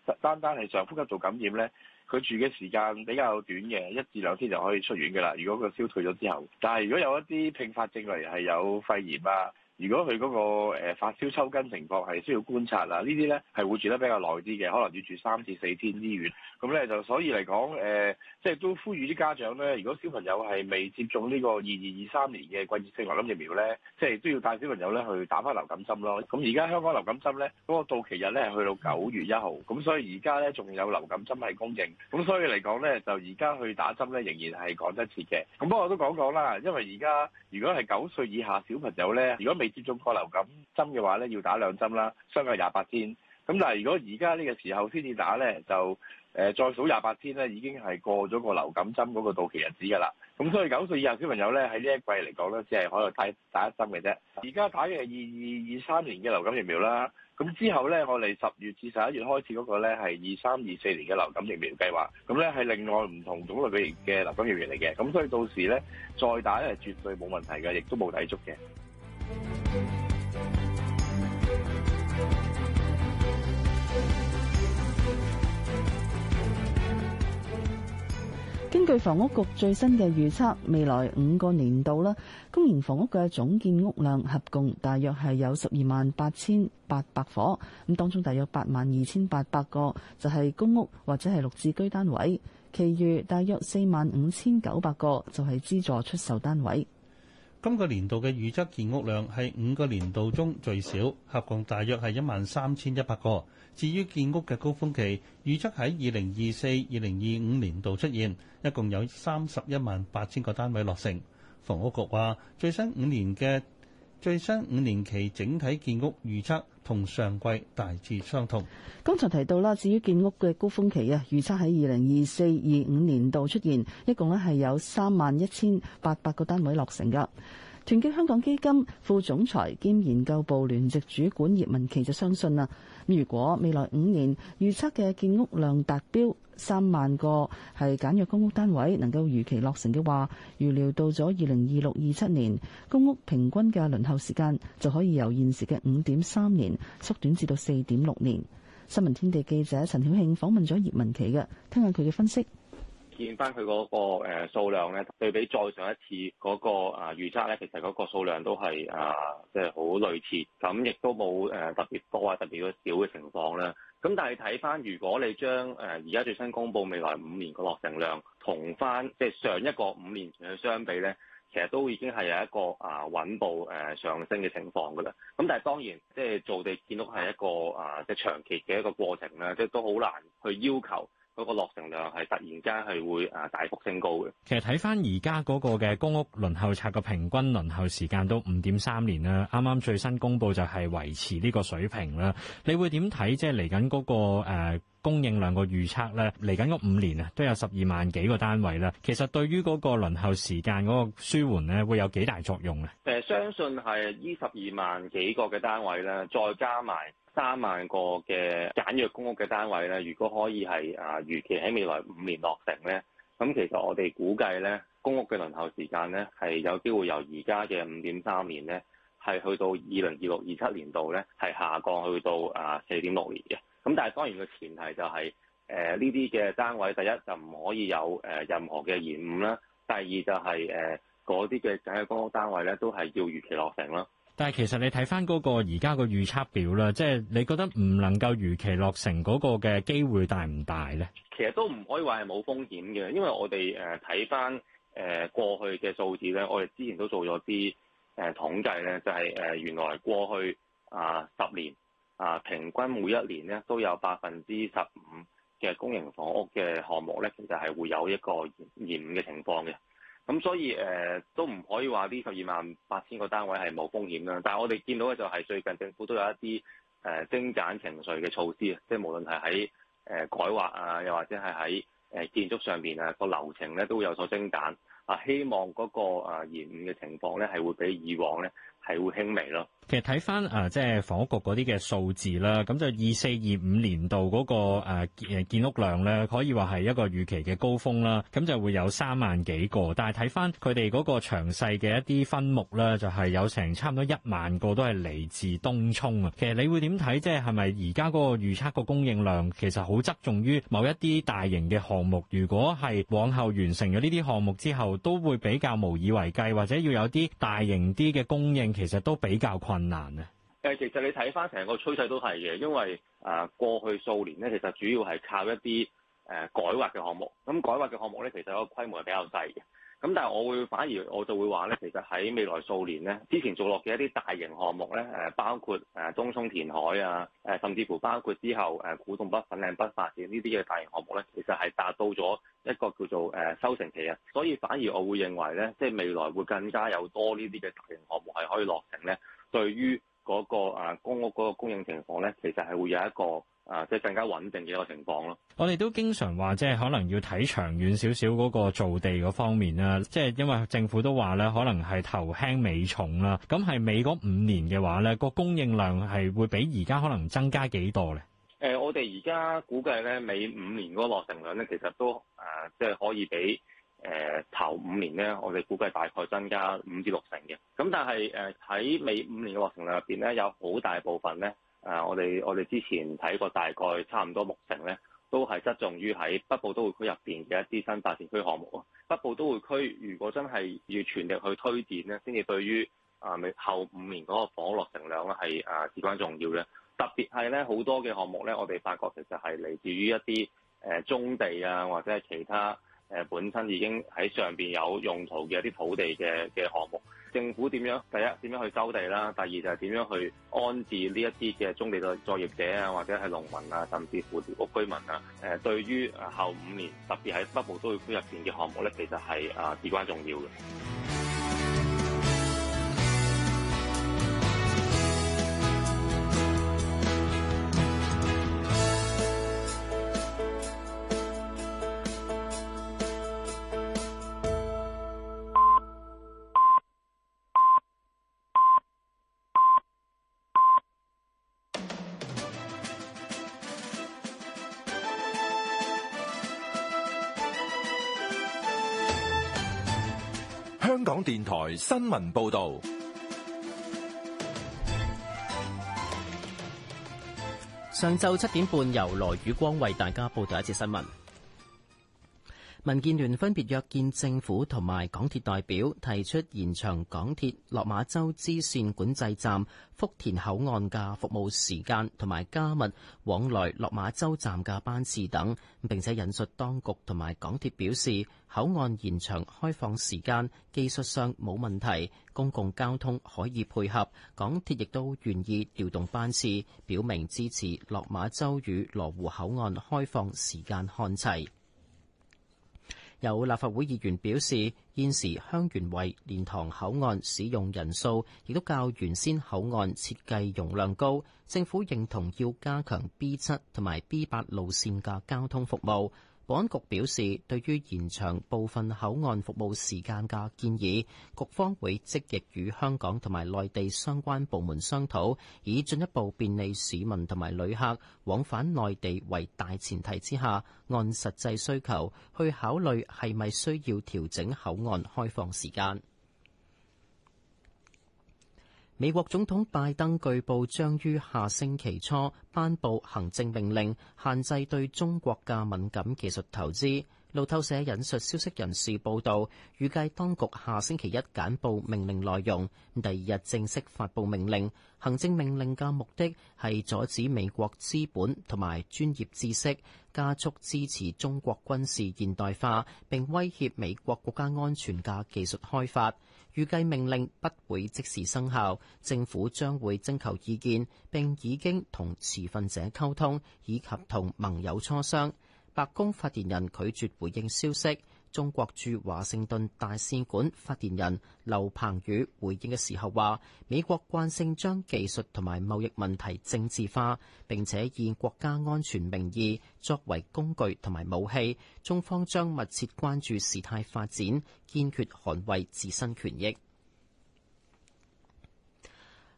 Speaker 15: 誒單單係上呼吸道感染呢佢住嘅時間比較短嘅，一至兩天就可以出院㗎啦。如果佢消退咗之後，但係如果有一啲併發症例如係有肺炎啊。如果佢嗰個誒發燒抽筋情況係需要觀察啦，這些呢啲咧係會住得比較耐啲嘅，可能要住三至四天醫院。咁咧就所以嚟講，誒、呃，即、就、係、是、都呼籲啲家長咧，如果小朋友係未接種呢個二二二三年嘅季節性流感疫苗咧，即、就、係、是、都要帶小朋友咧去打翻流感針咯。咁而家香港流感針咧嗰個到期日咧係去到九月一號，咁所以而家咧仲有流感針係供應，咁所以嚟講咧就而家去打針咧仍然係趕得切嘅。咁不過我都講講啦，因為而家如果係九歲以下小朋友咧，如果未，未接種過流感針嘅話咧，要打兩針啦，相隔廿八天。咁但係如果而家呢個時候先至打咧，就誒再數廿八天咧，已經係過咗個流感針嗰個到期日子㗎喇。咁所以九歲以下小朋友咧，喺呢一季嚟講咧，只係可以打打一針嘅啫。而家打嘅係二二二三年嘅流感疫苗啦。咁之後咧，我哋十月至十一月開始嗰個咧係二三二四年嘅流感疫苗計劃。咁咧係另外唔同種類類嘅流感疫苗嚟嘅。咁所以到時咧再打咧，絕對冇問題嘅，亦都冇抵觸嘅。
Speaker 3: 根據房屋局最新嘅預測，未來五個年度啦，公營房屋嘅總建屋量合共大約係有十二萬八千八百伙，咁當中大約八萬二千八百個就係公屋或者係綠置居單位，其餘大約四萬五千九百個就係資助出售單位。
Speaker 4: 今個年度嘅預測建屋量係五個年度中最少，合共大約係一萬三千一百個。至於建屋嘅高峰期，預測喺二零二四、二零二五年度出現，一共有三十一萬八千個單位落成。房屋局話，最新五年嘅最新五年期整體建屋預測，同上季大致相
Speaker 3: 同。剛才提到啦，至於建屋嘅高峰期啊，預測喺二零二四、二五年度出現，一共咧係有三萬一千八百個單位落成嘅。團結香港基金副總裁兼研究部聯席主管葉文琪就相信啦，如果未來五年預測嘅建屋量達標，三萬個係簡約公屋單位能夠如期落成嘅話，預料到咗二零二六、二七年公屋平均嘅輪候時間就可以由現時嘅五點三年縮短至到四點六年。新聞天地記者陳曉慶訪問咗葉文琪嘅，聽下佢嘅分析。
Speaker 1: 見翻
Speaker 8: 佢嗰個誒數量咧，對比再上一次嗰個啊預測咧，其實嗰個數量都係啊，即係好類似，咁亦都冇誒特別多啊，特別少嘅情況啦。咁但係睇翻，如果你將誒而家最新公佈未來五年個落成量同翻即係上一個五年前嘅相比咧，其實都已經係有一個啊穩步誒上升嘅情況噶啦。咁但係當然，即係做地見到係一個啊即係長期嘅一個過程咧，即係都好難去要求。嗰個落成量係突然間係會啊大幅升高嘅。
Speaker 5: 其實睇翻而家嗰個嘅公屋輪候冊嘅平均輪候時間都五點三年啦。啱啱最新公佈就係維持呢個水平啦。你會點睇即係嚟緊嗰個、呃、供應量個預測咧？嚟緊嗰五年啊都有十二萬幾個單位啦。其實對於嗰個輪候時間嗰個舒緩咧，會有幾大作用咧？誒，相
Speaker 8: 信係呢十二萬幾個嘅單位咧，再加埋。三萬個嘅簡約公屋嘅單位咧，如果可以係啊預期喺未來五年落成咧，咁其實我哋估計咧，公屋嘅輪候時間咧係有機會由而家嘅五點三年咧，係去到二零二六二七年度咧係下降去到啊四點六年嘅。咁但係當然個前提就係誒呢啲嘅單位，第一就唔可以有誒、呃、任何嘅延誤啦，第二就係誒嗰啲嘅簡約公屋單位咧都係要預期落成啦。
Speaker 5: 但係其實你睇翻嗰個而家個預測表啦，即係你覺得唔能夠如期落成嗰個嘅機會大唔大呢？
Speaker 8: 其實都唔可以話係冇風險嘅，因為我哋誒睇翻誒過去嘅數字呢，我哋之前都做咗啲誒統計呢，就係誒原來過去啊十年啊平均每一年呢都有百分之十五嘅公營房屋嘅項目呢，其實係會有一個延誤嘅情況嘅。咁所以誒、呃、都唔可以話呢十二萬八千個單位係冇風險啦，但係我哋見到嘅就係最近政府都有一啲誒、呃、精簡程序嘅措施，即係無論係喺誒改劃啊，又或者係喺誒建築上邊啊個流程咧都會有所精簡啊，希望嗰、那個、呃、延誤嘅情況咧係會比以往咧。
Speaker 5: 係會輕微咯。其實睇翻啊，即係房屋局嗰啲嘅數字啦，咁就二四二五年度嗰個誒建屋量咧，可以話係一個預期嘅高峰啦。咁就會有三萬幾個，但係睇翻佢哋嗰個詳細嘅一啲分目啦，就係有成差唔多一萬個都係嚟自東涌啊。其實你會點睇？即係係咪而家嗰個預測個供應量，其實好側重於某一啲大型嘅項目。如果係往後完成咗呢啲項目之後，都會比較無以為繼，或者要有啲大型啲嘅供應。其實都比較困難啊。
Speaker 8: 誒，其實你睇翻成個趨勢都係嘅，因為誒過去數年咧，其實主要係靠一啲誒改劃嘅項目。咁改劃嘅項目咧，其實個規模係比較細嘅。咁但係我會反而我就會話咧，其實喺未來數年咧，之前做落嘅一啲大型項目咧，包括誒東涌填海啊，甚至乎包括之後誒古洞北粉嶺北發展呢啲嘅大型項目咧，其實係達到咗一個叫做收成期啊，所以反而我會認為咧，即係未來會更加有多呢啲嘅大型項目係可以落成咧，對於嗰個公屋嗰個供應情況咧，其實係會有一個。啊，即係更加穩定嘅一個情況咯。
Speaker 5: 我哋都經常話，即係可能要睇長遠少少嗰個造地嗰方面啦。即係因為政府都話咧，可能係頭輕尾重啦。咁係尾嗰五年嘅話咧，個供應量係會比而家可能增加幾多咧？
Speaker 8: 誒、呃，我哋而家估計咧，尾五年嗰個落成量咧，其實都誒，即、呃、係、就是、可以比誒、呃、頭五年咧，我哋估計大概增加五至六成嘅。咁但係誒喺尾五年嘅落成量入邊咧，有好大部分咧。誒，我哋我哋之前睇過大概差唔多六成咧，都係側重於喺北部都會區入邊嘅一啲新發展區項目啊。北部都會區如果真係要全力去推展咧，先至對於啊後五年嗰個房屋落成量咧係啊至關重要嘅。特別係咧好多嘅項目咧，我哋發覺其實係嚟自於一啲誒棕地啊，或者係其他。誒本身已經喺上面有用途嘅一啲土地嘅嘅項目，政府點樣第一點樣去收地啦？第二就係點樣去安置呢一啲嘅中地嘅作業者啊，或者係農民啊，甚至乎住屋居民啊？誒，對於後五年特別喺北部都會區入邊嘅項目咧，其實係啊至關重要嘅。
Speaker 1: 新聞報道，
Speaker 2: 上晝七點半，由羅宇光為大家報道一節新聞。民建聯分別約見政府同埋港鐵代表，提出延長港鐵落馬洲支線管制站福田口岸嘅服務時間同埋加密往來落馬洲站嘅班次等。並且引述當局同埋港鐵表示，口岸延長開放時間技術上冇問題，公共交通可以配合，港鐵亦都願意調動班次，表明支持落馬洲與羅湖口岸開放時間看齊。有立法會議員表示，現時香園圍蓮塘口岸使用人數亦都較原先口岸設計容量高，政府認同要加強 B 七同埋 B 八路線嘅交通服務。保安局表示，對於延長部分口岸服務時間嘅建議，局方會積極與香港同埋內地相關部門商討，以進一步便利市民同埋旅客往返內地為大前提之下，按實際需求去考慮係咪需要調整口岸開放時間。美國總統拜登據報將於下星期初頒布行政命令，限制對中國嘅敏感技術投資。路透社引述消息人士報道，預計當局下星期一簡報命令內容，第二日正式發布命令。行政命令嘅目的係阻止美國資本同埋專業知識加速支持中國軍事現代化，並威脅美國國家安全嘅技術開發。預計命令不會即時生效，政府將會徵求意見，並已經同持份者溝通以及同盟友磋商。白宮發言人拒絕回應消息。中國駐華盛頓大使館發言人劉鵬宇回應嘅時候話，美國慣性將技術同埋貿易問題政治化，並且以國家安全名義作為工具同埋武器。中方將密切關注事態發展，堅決捍衛自身權益。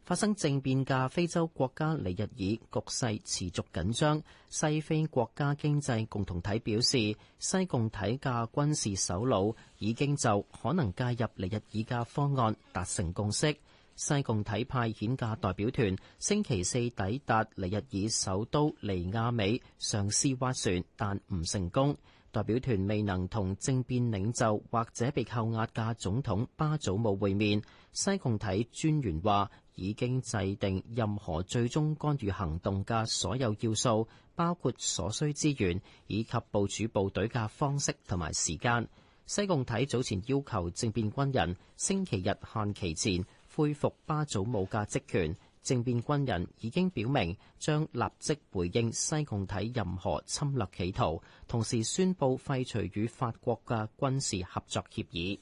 Speaker 2: 發生政變嘅非洲國家尼日爾局勢持續緊張。西非國家經濟共同體表示，西共體嘅軍事首腦已經就可能介入尼日爾嘅方案達成共識。西共體派遣嘅代表團星期四抵達尼日爾首都尼亞美，嘗試斡旋，但唔成功。代表團未能同政變領袖或者被扣押嘅總統巴祖姆會面。西共體專員話，已經制定任何最終干預行動嘅所有要素，包括所需資源以及部署部隊嘅方式同埋時間。西共體早前要求政變軍人星期日限期前恢復巴祖姆嘅職權。政變軍人已經表明將立即回應西共體任何侵略企圖，同時宣布廢除與法國嘅軍事合作協議。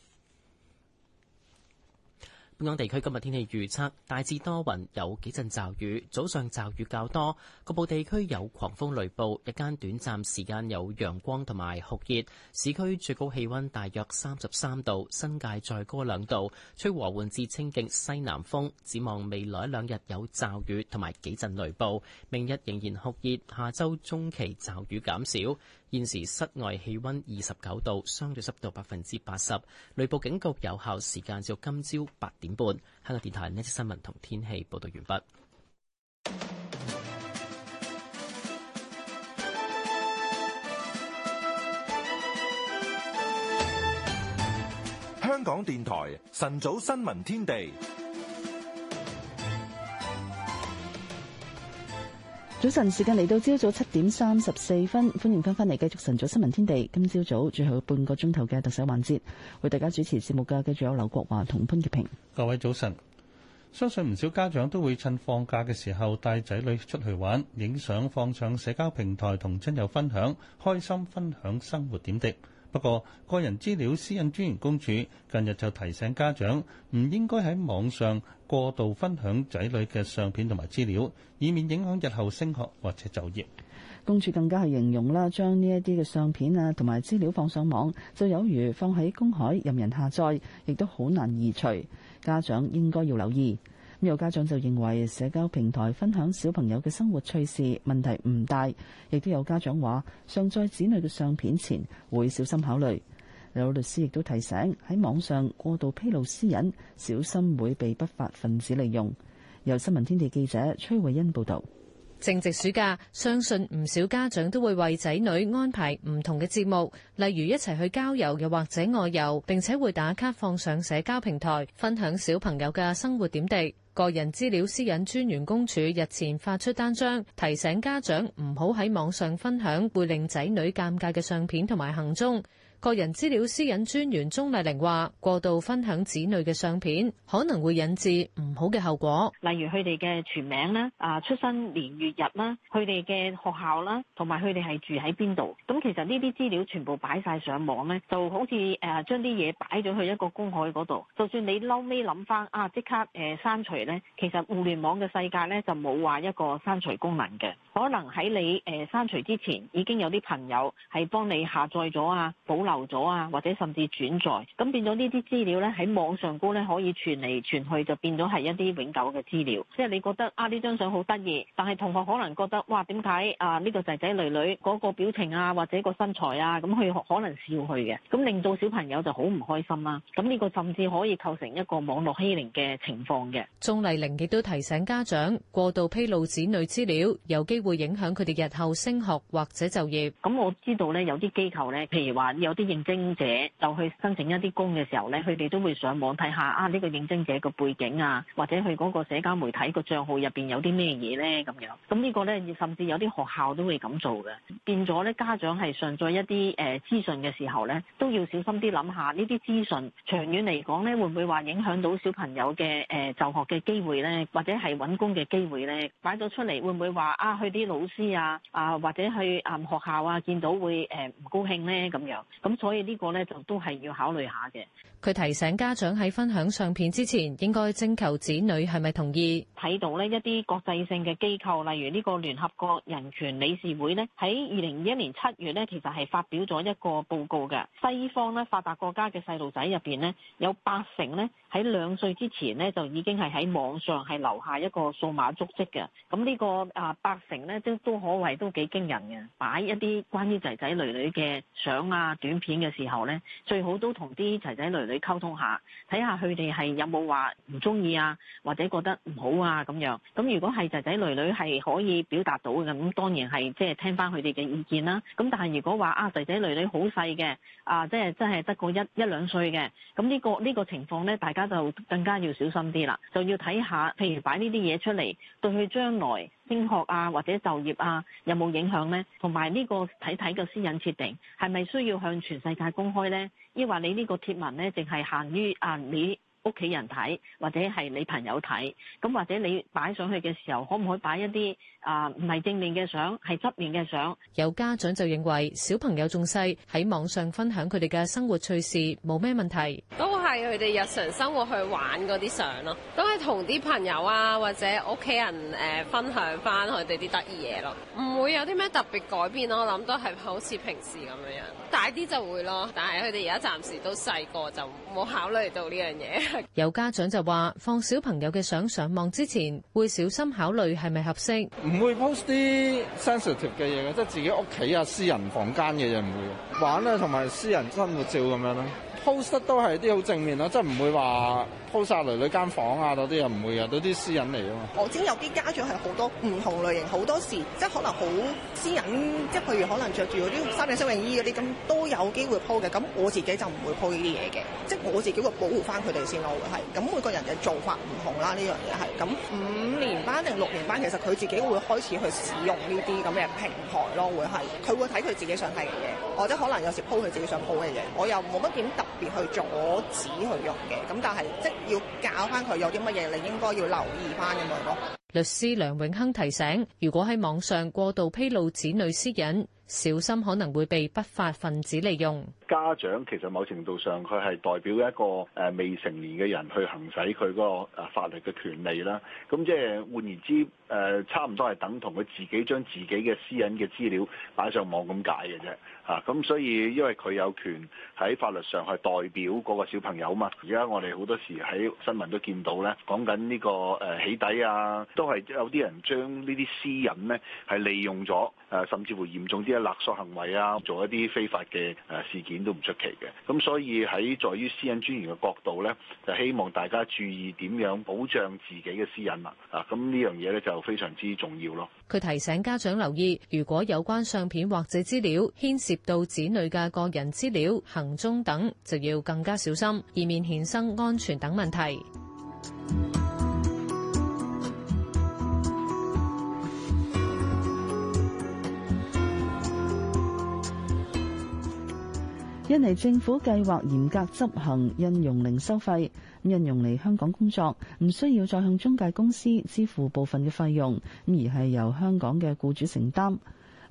Speaker 2: 本港地區今日天氣預測，大致多雲，有幾陣驟雨，早上驟雨較多，局部地區有狂風雷暴。日間短暫時間有陽光同埋酷熱，市區最高氣温大約三十三度，新界再高兩度，吹和緩至清勁西南風。展望未來兩日有驟雨同埋幾陣雷暴，明日仍然酷熱，下周中期驟雨減少。現時室外氣溫二十九度，相對濕度百分之八十，雷暴警告有效時間至今朝八點半。香港電台呢則新聞同天氣報道完畢。
Speaker 1: 香港電台晨早新聞天地。
Speaker 3: 早晨，時間嚟到朝早七點三十四分，歡迎翻返嚟繼續晨早新聞天地。今朝早，早最後半個鐘頭嘅特首環節，為大家主持節目嘅繼續有劉國華同潘潔平。
Speaker 4: 各位早晨，相信唔少家長都會趁放假嘅時候帶仔女出去玩、影相、放上社交平台同親友分享，開心分享生活點滴。不過，個人資料私隱專員公署近日就提醒家長，唔應該喺網上過度分享仔女嘅相片同埋資料，以免影響日後升學或者就業。
Speaker 3: 公署更加係形容啦，將呢一啲嘅相片啊同埋資料放上網，就有如放喺公海任人下載，亦都好難移除。家長應該要留意。有家長就認為社交平台分享小朋友嘅生活趣事問題唔大，亦都有家長話上載子女嘅相片前會小心考慮。有律師亦都提醒喺網上過度披露私隱，小心會被不法分子利用。由新聞天地記者崔慧恩報道。
Speaker 10: 正值暑假，相信唔少家長都會為仔女安排唔同嘅節目，例如一齊去郊遊又或者外遊，並且會打卡放上社交平台分享小朋友嘅生活點滴。個人資料私隱專員公署日前發出單張提醒家長，唔好喺網上分享會令仔女尷尬嘅相片同埋行蹤。個人資料私隱專員鍾麗玲話：過度分享子女嘅相片可能會引致唔好嘅後果，
Speaker 16: 例如佢哋嘅全名啦、啊出生年月日啦、佢哋嘅學校啦，同埋佢哋係住喺邊度。咁其實呢啲資料全部擺晒上網呢，就好似將啲嘢擺咗去一個公海嗰度。就算你嬲尾諗翻啊，即刻誒刪除呢，其實互聯網嘅世界呢就冇話一個刪除功能嘅。可能喺你誒刪除之前已經有啲朋友係幫你下載咗啊，保留，漏咗啊，或者甚至轉載，咁變咗呢啲資料咧喺網上高咧可以傳嚟傳去，就變咗係一啲永久嘅資料。即係你覺得啊呢張相好得意，但係同學可能覺得哇點解，啊呢個仔仔女女嗰個表情啊或者個身材啊咁佢可能笑佢嘅，咁令到小朋友就好唔開心啦、啊。咁呢個甚至可以構成一個網絡欺凌嘅情況嘅。
Speaker 10: 鍾麗玲亦都提醒家長，過度披露子女資料，有機會影響佢哋日後升學或者就業。咁我知道咧有啲機構咧，譬如話有啲。應徵者就
Speaker 16: 去申請一啲工嘅時候咧，佢哋都會上網睇下啊，呢個應徵者個背景啊，或者佢嗰個社交媒體個賬號入邊有啲咩嘢咧咁樣。咁呢個咧，甚至有啲學校都會咁做嘅，變咗咧，家長係上載一啲誒資訊嘅時候咧，都要小心啲諗下呢啲資訊長遠嚟講咧，會唔會話影響到小朋友嘅誒就學嘅機會咧，或者係搵工嘅機會咧？擺咗出嚟會唔會話啊？去啲老師啊啊，或者去啊學校啊見到會誒唔高興咧咁樣？咁所以呢個咧就都係要考慮下嘅。
Speaker 10: 佢提醒家長喺分享相片之前，應該徵求子女係咪同意。
Speaker 16: 睇到咧一啲國際性嘅機構，例如呢個聯合國人權理事會咧，喺二零二一年七月咧，其實係發表咗一個報告嘅。西方咧發達國家嘅細路仔入邊咧，有八成咧喺兩歲之前咧，就已經係喺網上係留下一個數碼足跡嘅。咁呢個啊八成咧，都都可謂都幾驚人嘅。擺一啲關於仔仔女女嘅相啊短片嘅時候咧，最好都同啲仔仔女女。你溝通下，睇下佢哋係有冇話唔中意啊，或者覺得唔好啊咁樣。咁如果係仔仔女女係可以表達到嘅，咁當然係即係聽翻佢哋嘅意見啦。咁但係如果話啊仔仔女女好細嘅啊，即係真係得個一一兩歲嘅，咁呢個呢個情況咧，大家就更加要小心啲啦。就要睇下，譬如擺呢啲嘢出嚟，對佢將來升學啊或者就業啊有冇影響咧？同埋呢個睇睇嘅私隱設定係咪需要向全世界公開咧？抑或你呢個貼文咧，淨係限於啊你屋企人睇，或者係你朋友睇，咁或者你擺上去嘅時候，可唔可以擺一啲啊唔係正面嘅相，係側面
Speaker 10: 嘅相？有家長就認為小朋友仲細，喺網上分享佢哋嘅生活趣事冇咩問題，都係佢哋日常生活去玩嗰啲相咯，都係同啲朋友啊或者屋企人誒、呃、分享翻佢哋啲得意嘢咯，唔會有啲咩特別改變咯，我諗都係好似平時咁樣樣。大啲就會咯，但係佢哋而家暫時都細個，就冇考慮到呢樣嘢。有家長就話：放小朋友嘅相上網之前，會小心考慮係咪合適。
Speaker 1: 唔會 post 啲 sensitive 嘅嘢嘅，即係自己屋企啊、私人房間嘅嘢唔會玩啦、啊，同埋私人生活照咁樣。post 都係啲好正面咯，即係唔會話 post 晒女女曬間房啊嗰啲又唔會嘅，
Speaker 12: 嗰
Speaker 4: 啲私隱嚟啊嘛。
Speaker 11: 我知有啲家長係好多唔同類型，好多時即係可能好私隱，即係譬如可能穿着住嗰啲三領式泳衣嗰啲咁，都有機會 post 嘅。咁我自己就唔會 post 呢啲嘢嘅，即係我自己會保護翻佢哋先咯，會係。咁每個人嘅做法唔同啦，呢樣嘢係。咁五年班定六年班，其實佢自己會開始去使用呢啲咁嘅平台咯，會係。佢會睇佢自己想睇嘅嘢，或者可能有時 post 佢自己想 post 嘅嘢。我又冇乜點特別去阻止去用嘅，咁但係即要教翻佢有啲乜嘢，你應該要留意翻咁樣咯。
Speaker 10: 律師梁永亨提醒，如果喺網上過度披露子女私隱。小心可能會被不法分子利用。
Speaker 15: 家長其實某程度上佢係代表一個未成年嘅人去行使佢嗰個法律嘅權利啦。咁即係換言之，呃、差唔多係等同佢自己將自己嘅私隱嘅資料擺上網咁解嘅啫。吓咁所以因為佢有權喺法律上係代表嗰個小朋友嘛。而家我哋好多時喺新聞都見到咧，講緊呢個起底啊，都係有啲人將呢啲私隱咧係利用咗，甚至乎嚴重啲啊，勒索行為啊，做一啲非法嘅誒事件都唔出奇嘅，咁所以喺在於私隱專員嘅角度呢，就希望大家注意點樣保障自己嘅私隱啊，咁呢樣嘢呢，就非常之重要咯。
Speaker 10: 佢提醒家長留意，如果有關相片或者資料牽涉到子女嘅個人資料、行蹤等，就要更加小心，以免衍生安全等問題。
Speaker 3: 印尼政府計劃嚴格執行印傭零收費，印傭嚟香港工作唔需要再向中介公司支付部分嘅費用，而係由香港嘅僱主承擔。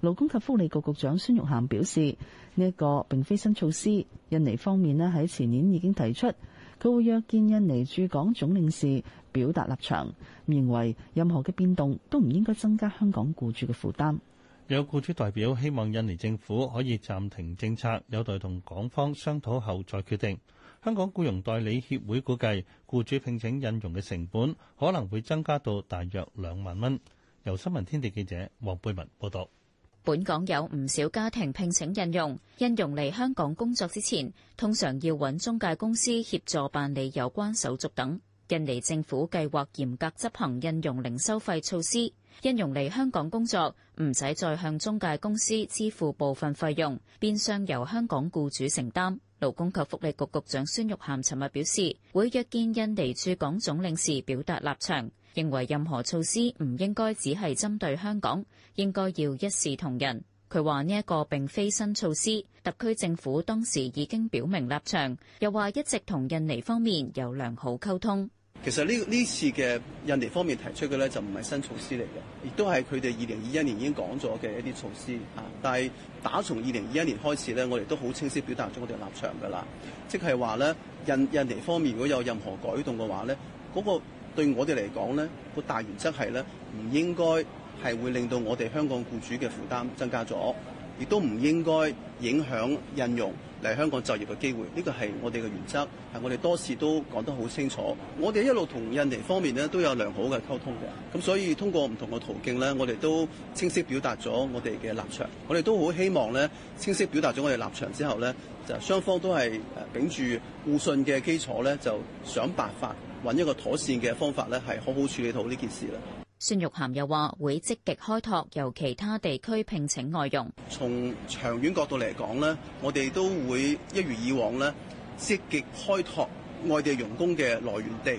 Speaker 3: 勞工及福利局局長孫玉菡表示，呢一個並非新措施。印尼方面咧，喺前年已經提出，佢會約見印尼駐港總領事表達立場，咁認為任何嘅變動都唔應該增加香港僱主嘅負擔。
Speaker 4: 有雇主代表希望印尼政府可以暫停政策，有待同港方商討後再決定。香港雇傭代理協會估計，雇主聘請印傭嘅成本可能會增加到大約兩萬蚊。由新聞天地記者黃貝文報道。
Speaker 17: 本港有唔少家庭聘請印傭，印傭嚟香港工作之前，通常要揾中介公司協助辦理有關手續等。印尼政府計劃嚴格執行印傭零收費措施，印傭嚟香港工作唔使再向中介公司支付部分費用，變相由香港僱主承擔。勞工及福利局局長孫玉菡尋日表示，會約見印尼駐港總領事表達立場，認為任何措施唔應該只係針對香港，應該要一視同仁。佢話呢一個並非新措施，特區政府當時已經表明立場，又話一直同印尼方面有良好溝通。
Speaker 9: 其實呢呢次嘅印尼方面提出嘅咧就唔係新措施嚟嘅，亦都係佢哋二零二一年已經講咗嘅一啲措施啊。但係打從二零二一年開始咧，我哋都好清晰表達咗我哋嘅立場㗎啦，即係話咧印印尼方面如果有任何改動嘅話咧，嗰個對我哋嚟講咧個大原則係咧唔應該，係會令到我哋香港僱主嘅負擔增加咗，亦都唔應該影響印尼嚟香港就業嘅機會。呢個係我哋嘅原則，係我哋多次都講得好清楚。我哋一路同印尼方面咧都有良好嘅溝通嘅，咁所以通過唔同嘅途徑咧，我哋都清晰表達咗我哋嘅立場。我哋都好希望咧清晰表達咗我哋立場之後咧，就雙方都係誒秉持互信嘅基礎咧，就想辦法揾一個妥善嘅方法咧，係好好處理到呢件事啦。
Speaker 17: 孫玉菡又話：會積極開拓由其他地區聘請外傭。從
Speaker 9: 長遠角度嚟講咧，我哋都會一如以往咧，積極開拓外地傭工嘅來源地。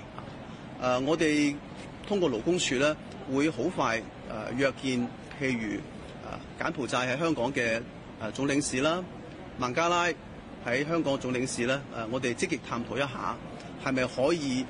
Speaker 9: 誒，我哋通過勞工處咧，會好快誒約見，譬如誒柬埔寨喺香港嘅誒總領事啦，孟加拉，喺香港總領事咧，我哋積極探討一下，係咪可以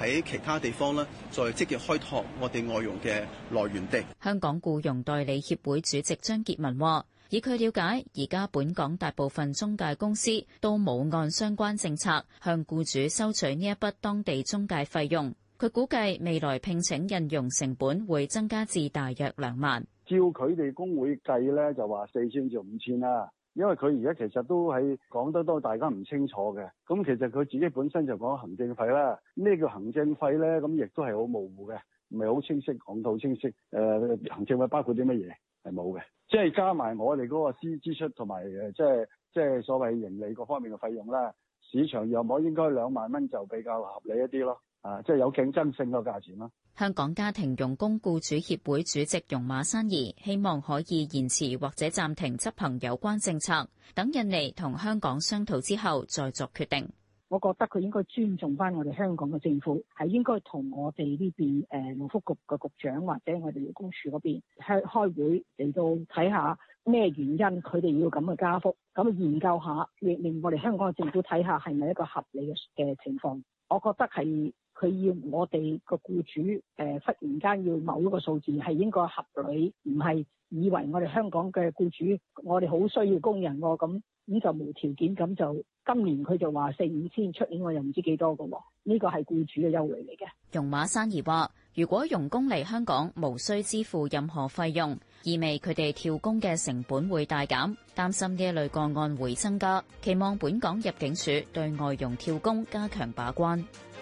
Speaker 9: 喺其他地方咧，再積極開拓我哋外傭嘅來源地。
Speaker 17: 香港僱傭代理協會主席張傑文話，以佢了解，而家本港大部分中介公司都冇按相關政策向僱主收取呢一筆當地中介費用。佢估計未來聘請印傭成本會增加至大約兩萬。
Speaker 15: 照佢哋工會計咧，就話四千至五千啦。因為佢而家其實都係講得多，大家唔清楚嘅。咁其實佢自己本身就講行政費啦，咩叫行政費咧，咁亦都係好模糊嘅，唔係好清晰講到清晰。誒、呃，行政費包括啲乜嘢係冇嘅，即係加埋我哋嗰個私支出同埋即係即係所謂盈利嗰方面嘅費用啦。市場又冇應該應該兩萬蚊就比較合理一啲咯，啊，即係有競爭性個價錢咯。
Speaker 17: 香港家庭傭工僱主協會主席容馬珊兒希望可以延遲或者暫停執行有關政策，等印尼同香港商討之後再作決定。
Speaker 16: 我覺得佢應該尊重翻我哋香港嘅政府，係應該同我哋呢邊誒、勞福局嘅局長或者我哋勞工處嗰邊開開會嚟到睇下咩原因佢哋要咁嘅加幅，咁研究下，令令我哋香港嘅政府睇下係咪一個合理嘅嘅情況。我覺得係。佢要我哋個僱主誒忽然間要某一個數字係應該合理，唔係以為我哋香港嘅僱主我哋好需要工人喎，咁咁就無條件咁就今年佢就話
Speaker 17: 四五千出年我，我又唔知幾多個喎。呢個係僱主嘅優惠嚟嘅。容馬生兒話，如果傭工嚟香港無需支付任何費用，意味佢哋跳工嘅成本會大減，擔心呢一類個案會增加，期望本港入境署對外傭跳工加強把關。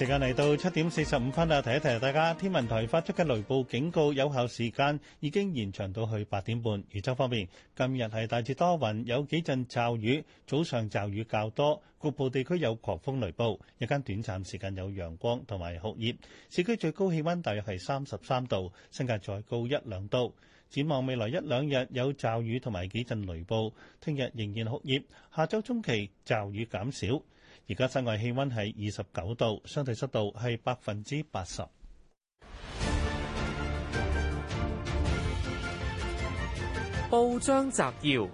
Speaker 4: 時間嚟到七點四十五分啦，提一提大家，天文台發出嘅雷暴警告有效時間已經延長到去八點半。預測方面，今日係大致多雲，有幾陣驟雨，早上驟雨較多，局部地區有狂風雷暴，日間短暫時間有陽光同埋酷熱。市區最高氣温大約係三十三度，新界再高一兩度。展望未來一兩日有驟雨同埋幾陣雷暴，聽日仍然酷熱，下周中期驟雨減少。而家室外氣溫係，二十九度，相對濕度係百分之八十。報章摘
Speaker 14: 要：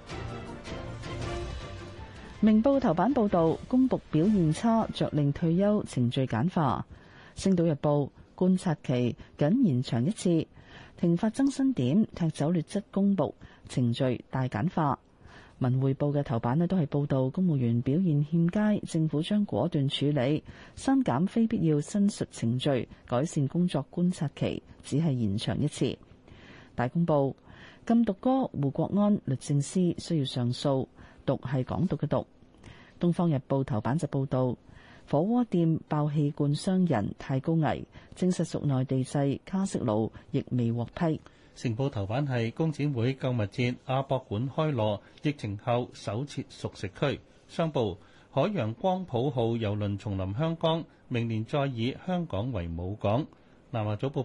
Speaker 3: 明報頭版報道，公僕表現差，着令退休程序簡化。星島日報，觀察期僅延長一次，停發增薪點，踢走劣質公僕，程序大簡化。文匯報嘅頭版都係報道公務員表現欠佳，政府將果斷處理，刪減非必要申述程序，改善工作觀察期，只係延長一次。大公報，禁毒歌，胡國安律政司需要上訴，毒係港獨嘅毒。東方日報頭版就報道火鍋店爆氣罐傷人太高危，證實屬內地製卡式爐，亦未獲批。
Speaker 4: 成報頭版係工展會購物節，亞博館開鑼疫情後首設熟食區。商報海洋光譜號遊輪重臨香港，明年再以香港為母港。南華早報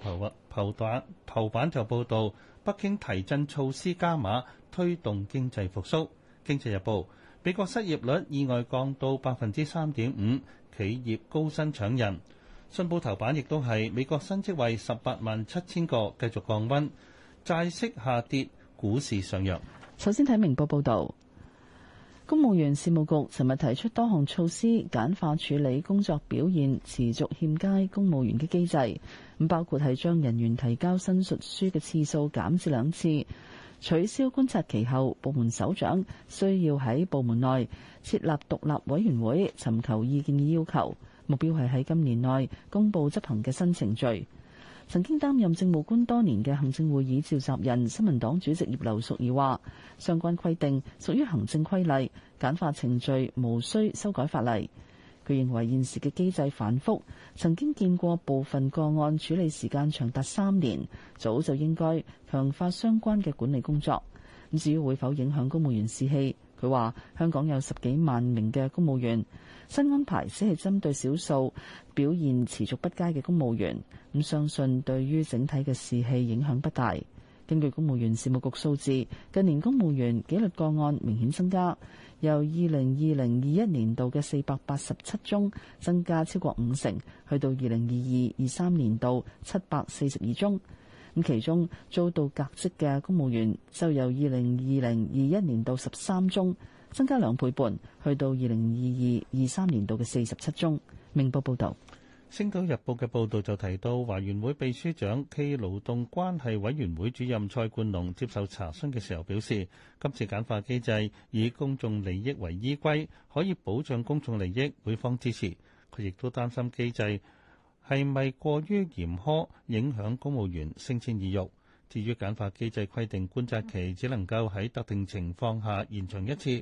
Speaker 4: 頭版頭版就報導北京提振措施加碼推動經濟復甦。經濟日報美國失業率意外降到百分之三點五，企業高薪搶人。信報頭版亦都係美國新職位十八萬七千個繼續降温。債息下跌，股市上揚。
Speaker 3: 首先睇明報報道，公務員事務局尋日提出多項措施，簡化處理工作表現持續欠佳公務員嘅機制。咁包括係將人員提交申述書嘅次數減至兩次，取消觀察期後，部門首長需要喺部門內設立獨立委員會尋求意見嘅要求。目標係喺今年內公布執行嘅新程序。曾經擔任政務官多年嘅行政會議召集人、新民黨主席葉劉淑儀話：相關規定屬於行政規例，簡化程序無需修改法例。佢認為現時嘅機制繁複，曾經見過部分個案處理時間長達三年，早就應該強化相關嘅管理工作。咁至於會否影響公務員士氣，佢話香港有十幾萬名嘅公務員。新安排只係針對少數表現持續不佳嘅公務員，咁相信對於整體嘅士氣影響不大。根據公務員事務局數字，近年公務員紀律個案明顯增加，由二零二零二一年度嘅四百八十七宗增加超過五成，去到二零二二二三年度七百四十二宗。咁其中遭到革職嘅公務員就由二零二零二一年度十三宗，增加兩倍半，去到二零二二二三年度嘅四十七宗。明報報道，
Speaker 4: 《星島日報》嘅報道就提到，華員會秘書長暨勞動關係委員會主任蔡冠龍接受查詢嘅時候表示，今次簡化機制以公眾利益為依歸，可以保障公眾利益，會方支持。佢亦都擔心機制係咪過於嚴苛，影響公務員升遷意欲。至於簡化機制規定觀察期只能夠喺特定情況下延長一次。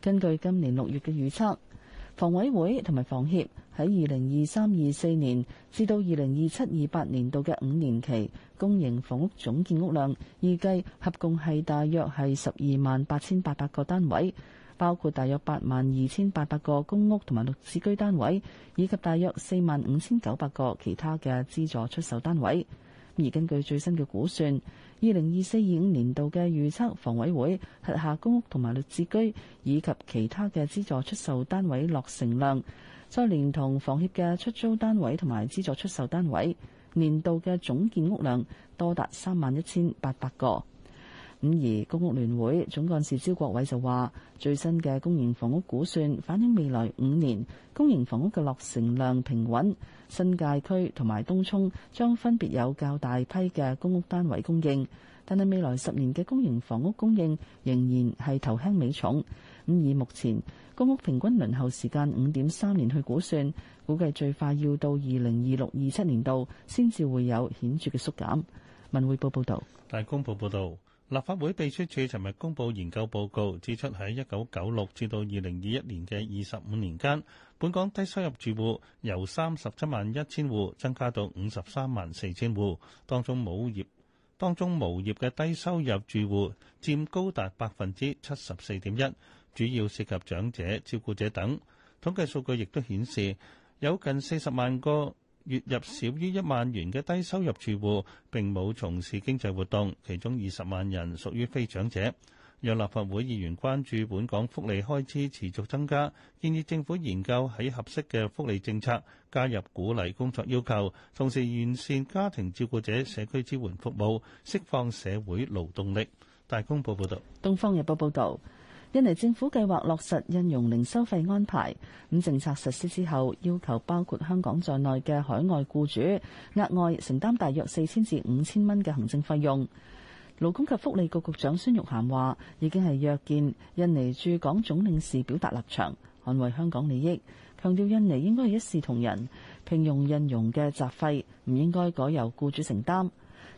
Speaker 3: 根據今年六月嘅預測，房委會同埋房協喺二零二三二四年至到二零二七二八年度嘅五年期公營房屋總建屋量預計合共係大約係十二萬八千八百個單位，包括大約八萬二千八百個公屋同埋綠置居單位，以及大約四萬五千九百個其他嘅資助出售單位。而根據最新嘅估算，二零二四二五年度嘅預測，房委會轄下公屋同埋綠置居以及其他嘅資助出售單位落成量，再連同房協嘅出租單位同埋資助出售單位年度嘅總建屋量，多達三萬一千八百個。咁而公屋聯會總幹事招國偉就話：最新嘅公營房屋估算反映未來五年公營房屋嘅落成量平穩，新界區同埋東涌將分別有較大批嘅公屋單位供應，但係未來十年嘅公營房屋供應仍然係頭輕尾重。咁以目前公屋平均輪候時間五點三年去估算，估計最快要到二零二六二七年度先至會有顯著嘅縮減。文匯報報道。
Speaker 4: 大公報報道。立法會秘書處尋日公佈研究報告，指出喺一九九六至到二零二一年嘅二十五年間，本港低收入住戶由三十七萬一千戶增加到五十三萬四千戶，當中無業當中無業嘅低收入住戶佔高達百分之七十四點一，主要涉及長者、照顧者等。統計數據亦都顯示，有近四十萬個月入少於一萬元嘅低收入住戶並冇從事經濟活動，其中二十萬人屬於非長者。有立法會議員關注本港福利開支持續增加，建議政府研究喺合適嘅福利政策加入鼓勵工作要求，同時完善家庭照顧者社區支援服務，釋放社會勞動力。大公報報道。
Speaker 3: 東方日報報道。印尼政府計劃落實印傭零收費安排。咁政策實施之後，要求包括香港在內嘅海外僱主額外承擔大約四千至五千蚊嘅行政費用。勞工及福利局局長孫玉菡話，已經係約見印尼駐港總領事表達立場，捍衛香港利益，強調印尼應該係一視同仁，聘用印傭嘅雜費唔應該改由僱主承擔。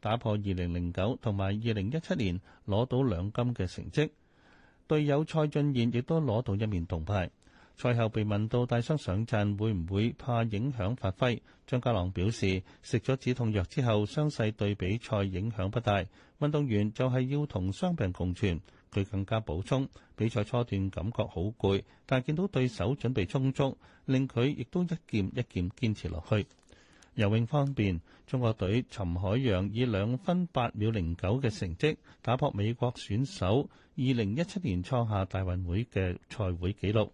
Speaker 4: 打破二零零九同埋二零一七年攞到兩金嘅成績，隊友蔡俊彥亦都攞到一面銅牌。賽後被問到帶傷上陣會唔會怕影響發揮，張家朗表示食咗止痛藥之後，傷勢對比賽影響不大。運動員就係要同傷病共存。佢更加補充，比賽初段感覺好攰，但見到對手準備充足，令佢亦都一劍一劍堅持落去。游泳方面，中國隊覃海洋以兩分八秒零九嘅成績打破美國選手二零一七年創下大運會嘅賽會紀錄，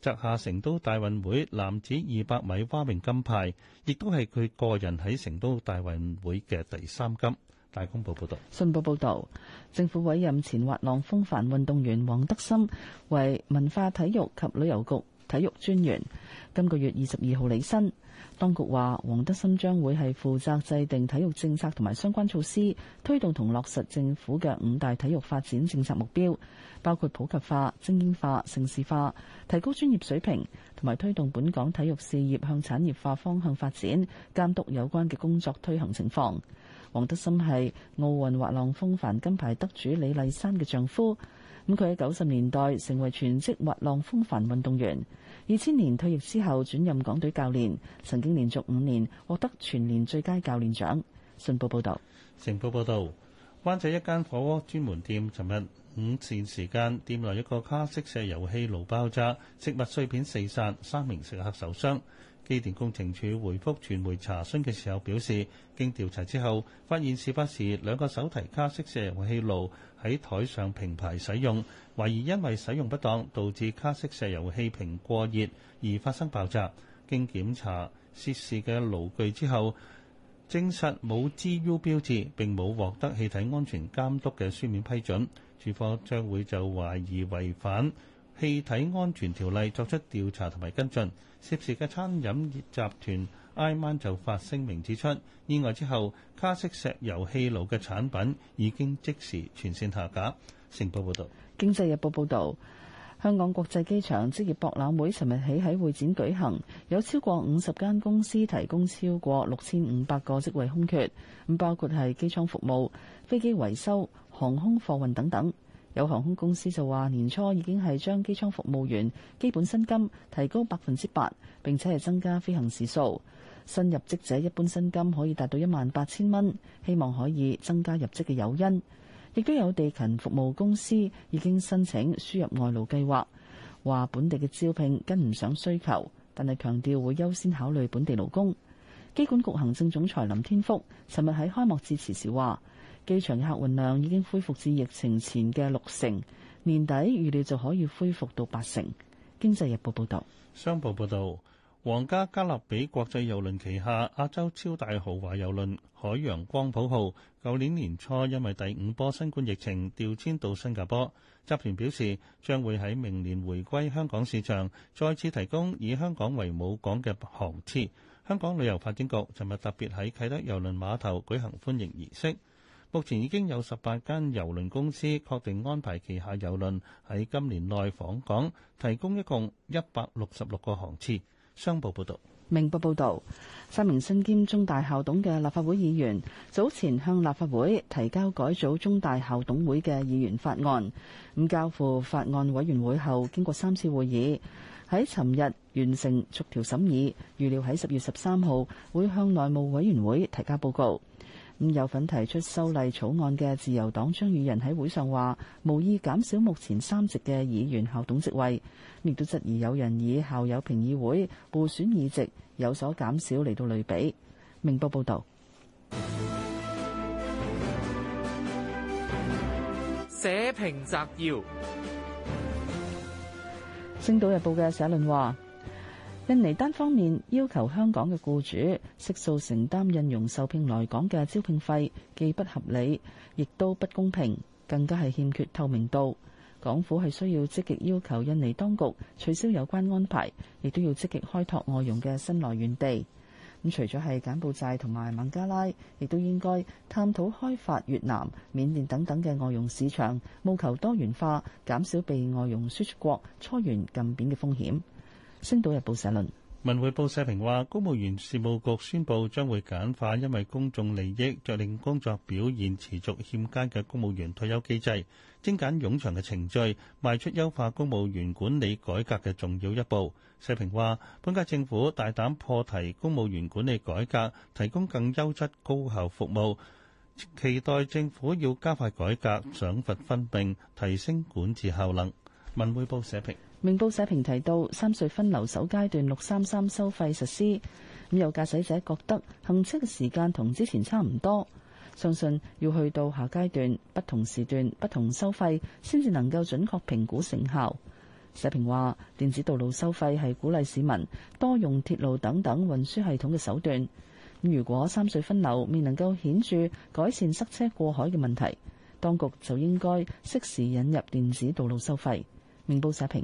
Speaker 4: 摘下成都大運會男子二百米蛙泳金牌，亦都係佢個人喺成都大運會嘅第三金。大
Speaker 3: 公報報道，信報報道：政府委任前滑浪風帆運動員黃德森為文化體育及旅遊局體育專員，今個月二十二號履新。當局話，黃德森將會係負責制定體育政策同埋相關措施，推動同落實政府嘅五大體育發展政策目標，包括普及化、精英化、城市化、提高專業水平，同埋推動本港體育事業向產業化方向發展，監督有關嘅工作推行情況。黃德森係奧運滑浪風帆金牌得主李麗珊嘅丈夫，咁佢喺九十年代成為全職滑浪風帆運動員。二千年退役之後轉任港隊教練，曾經連續五年獲得全年最佳教練獎。信報報道：
Speaker 4: 晴報報道，灣仔一間火鍋專門店，尋日午前時間，店內一個卡式石油氣爐爆炸，食物碎片四散，三名食客受傷。機電工程署回覆傳媒查詢嘅時候表示，經調查之後，發現事發時兩個手提卡式石油氣爐，喺台上平排使用，懷疑因為使用不當導致卡式石油氣瓶過熱而發生爆炸。經檢查涉事嘅爐具之後，證實冇 G.U 標誌，並冇獲得氣體安全監督嘅書面批准。廚方將會就懷疑違反氣體安全條例，作出調查同埋跟進涉事嘅餐飲業集團。埃曼就發聲明指出，意外之後，卡式石油氣爐嘅產品已經即時全線下架。成報報道，
Speaker 3: 《經濟日報》報道，香港國際機場職業博覽會尋日起喺會展舉行，有超過五十間公司提供超過六千五百個職位空缺。咁包括係機艙服務、飛機維修、航空貨運等等。有航空公司就話，年初已經係將機艙服務員基本薪金提高百分之八，並且係增加飛行時數。新入職者一般薪金可以達到一萬八千蚊，希望可以增加入職嘅誘因。亦都有地勤服務公司已經申請輸入外勞計劃，話本地嘅招聘跟唔上需求，但係強調會優先考慮本地勞工。機管局行政總裁林天福尋日喺開幕致辭時話，機場客運量已經恢復至疫情前嘅六成，年底預料就可以恢復到八成。經濟日報報道。
Speaker 4: 商報報道。皇家加勒比國際遊輪旗下亞洲超大豪華遊輪海洋光譜號，舊年年初因為第五波新冠疫情調遷到新加坡，集團表示將會喺明年回歸香港市場，再次提供以香港為母港嘅航次。香港旅遊發展局尋日特別喺啟德遊輪碼頭舉行歡迎儀式。目前已經有十八間遊輪公司確定安排旗下遊輪喺今年內訪港，提供一共一百六十六個航次。商報報道，
Speaker 3: 明報報道，三名身兼中大校董嘅立法會議員早前向立法會提交改組中大校董會嘅議員法案，咁交付法案委員會後，經過三次會議，喺尋日完成逐條審議，預料喺十月十三號會向內務委員會提交報告。有份提出修例草案嘅自由黨張宇人喺會上話，無意減少目前三席嘅議員校董職位，亦都質疑有人以校友評議會部選議席有所減少嚟到類比。明報報道，
Speaker 14: 社評摘要。
Speaker 3: 星島日報嘅社論話。印尼單方面要求香港嘅僱主悉數承擔印傭受聘來港嘅招聘費，既不合理，亦都不公平，更加係欠缺透明度。港府係需要積極要求印尼當局取消有關安排，亦都要積極開拓外傭嘅新來源地。咁除咗係柬埔寨同埋孟加拉，亦都應該探討開發越南、緬甸等等嘅外傭市場，務求多元化，減少被外傭輸出國初源禁貶嘅風險。星島日報社論：
Speaker 4: 文匯報社評話，公務員事務局宣佈將會簡化因為公眾利益著令工作表現持續欠佳嘅公務員退休機制，精簡冗長嘅程序，邁出優化公務員管理改革嘅重要一步。社評話，本屆政府大膽破題公務員管理改革，提供更優質高效服務，期待政府要加快改革，獎罰分明，提升管治效能。文匯報社評。
Speaker 3: 明報社評提到，三隧分流首階段六三三收費實施，咁有駕駛者覺得行車嘅時間同之前差唔多。相信要去到下階段不同時段不同收費，先至能夠準確評估成效。社評話，電子道路收費係鼓勵市民多用鐵路等等運輸系統嘅手段。咁如果三隧分流未能夠顯著改善塞車過海嘅問題，當局就應該適時引入電子道路收費。明報社評。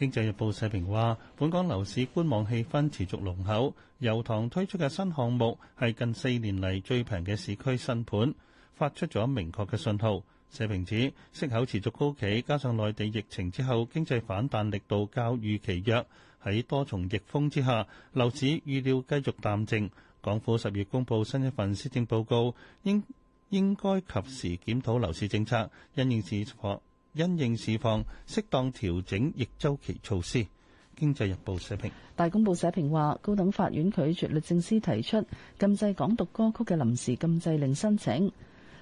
Speaker 4: 經濟日報社評話，本港樓市觀望氣氛持續濃厚，油塘推出嘅新項目係近四年嚟最平嘅市區新盤，發出咗明確嘅信號。社評指，息口持續高企，加上內地疫情之後經濟反彈力度較預期弱，喺多重逆風之下，樓市預料繼續淡靜。港府十月公佈新一份施政報告，應應該及時檢討樓市政策，因應市場，因應市況，適當調整逆周期措施。經濟日報社評。
Speaker 3: 大公報社評話：高等法院拒絕律政司提出禁制港獨歌曲嘅臨時禁制令申請。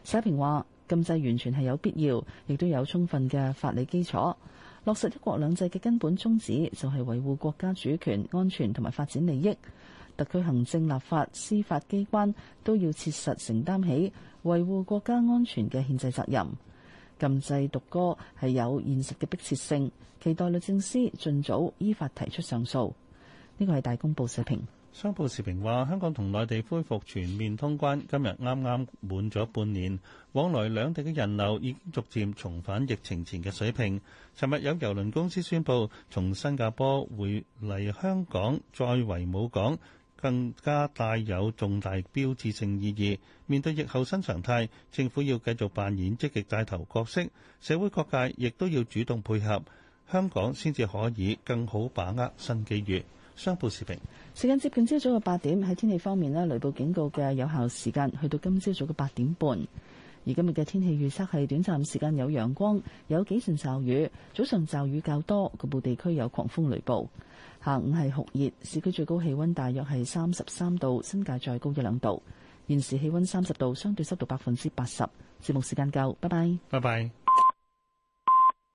Speaker 3: 社評話禁制完全係有必要，亦都有充分嘅法理基礎。落實一國兩制嘅根本宗旨，就係維護國家主權、安全同埋發展利益。特區行政、立法、司法機關都要切實承擔起維護國家安全嘅憲制責任。禁制獨歌，係有現實嘅迫切性，期待律政司盡早依法提出上訴。呢個係大公報社評。商報
Speaker 4: 社評話，香港同內地恢復全面通關今日啱啱滿咗半年，往來兩地嘅人流已經逐漸重返疫情前嘅水平。尋日有郵輪公司宣布，從新加坡回嚟香港，再為武港。更加帶有重大標誌性意義。面對疫後新常態，政府要繼續扮演積極帶頭角色，社會各界亦都要主動配合，香港先至可以更好把握新機遇。商報時評。
Speaker 3: 時間接近朝早嘅八點，喺天氣方面呢，雷暴警告嘅有效時間去到今朝早嘅八點半。而今日嘅天氣預測係短暫時間有陽光，有幾陣驟雨，早上驟雨較多，局部地區有狂風雷暴。下午係酷熱，市區最高氣溫大約係三十三度，新界再高一兩度。現時氣溫三十度，相對濕度百分之八十。節目時間夠，拜拜。
Speaker 4: 拜拜。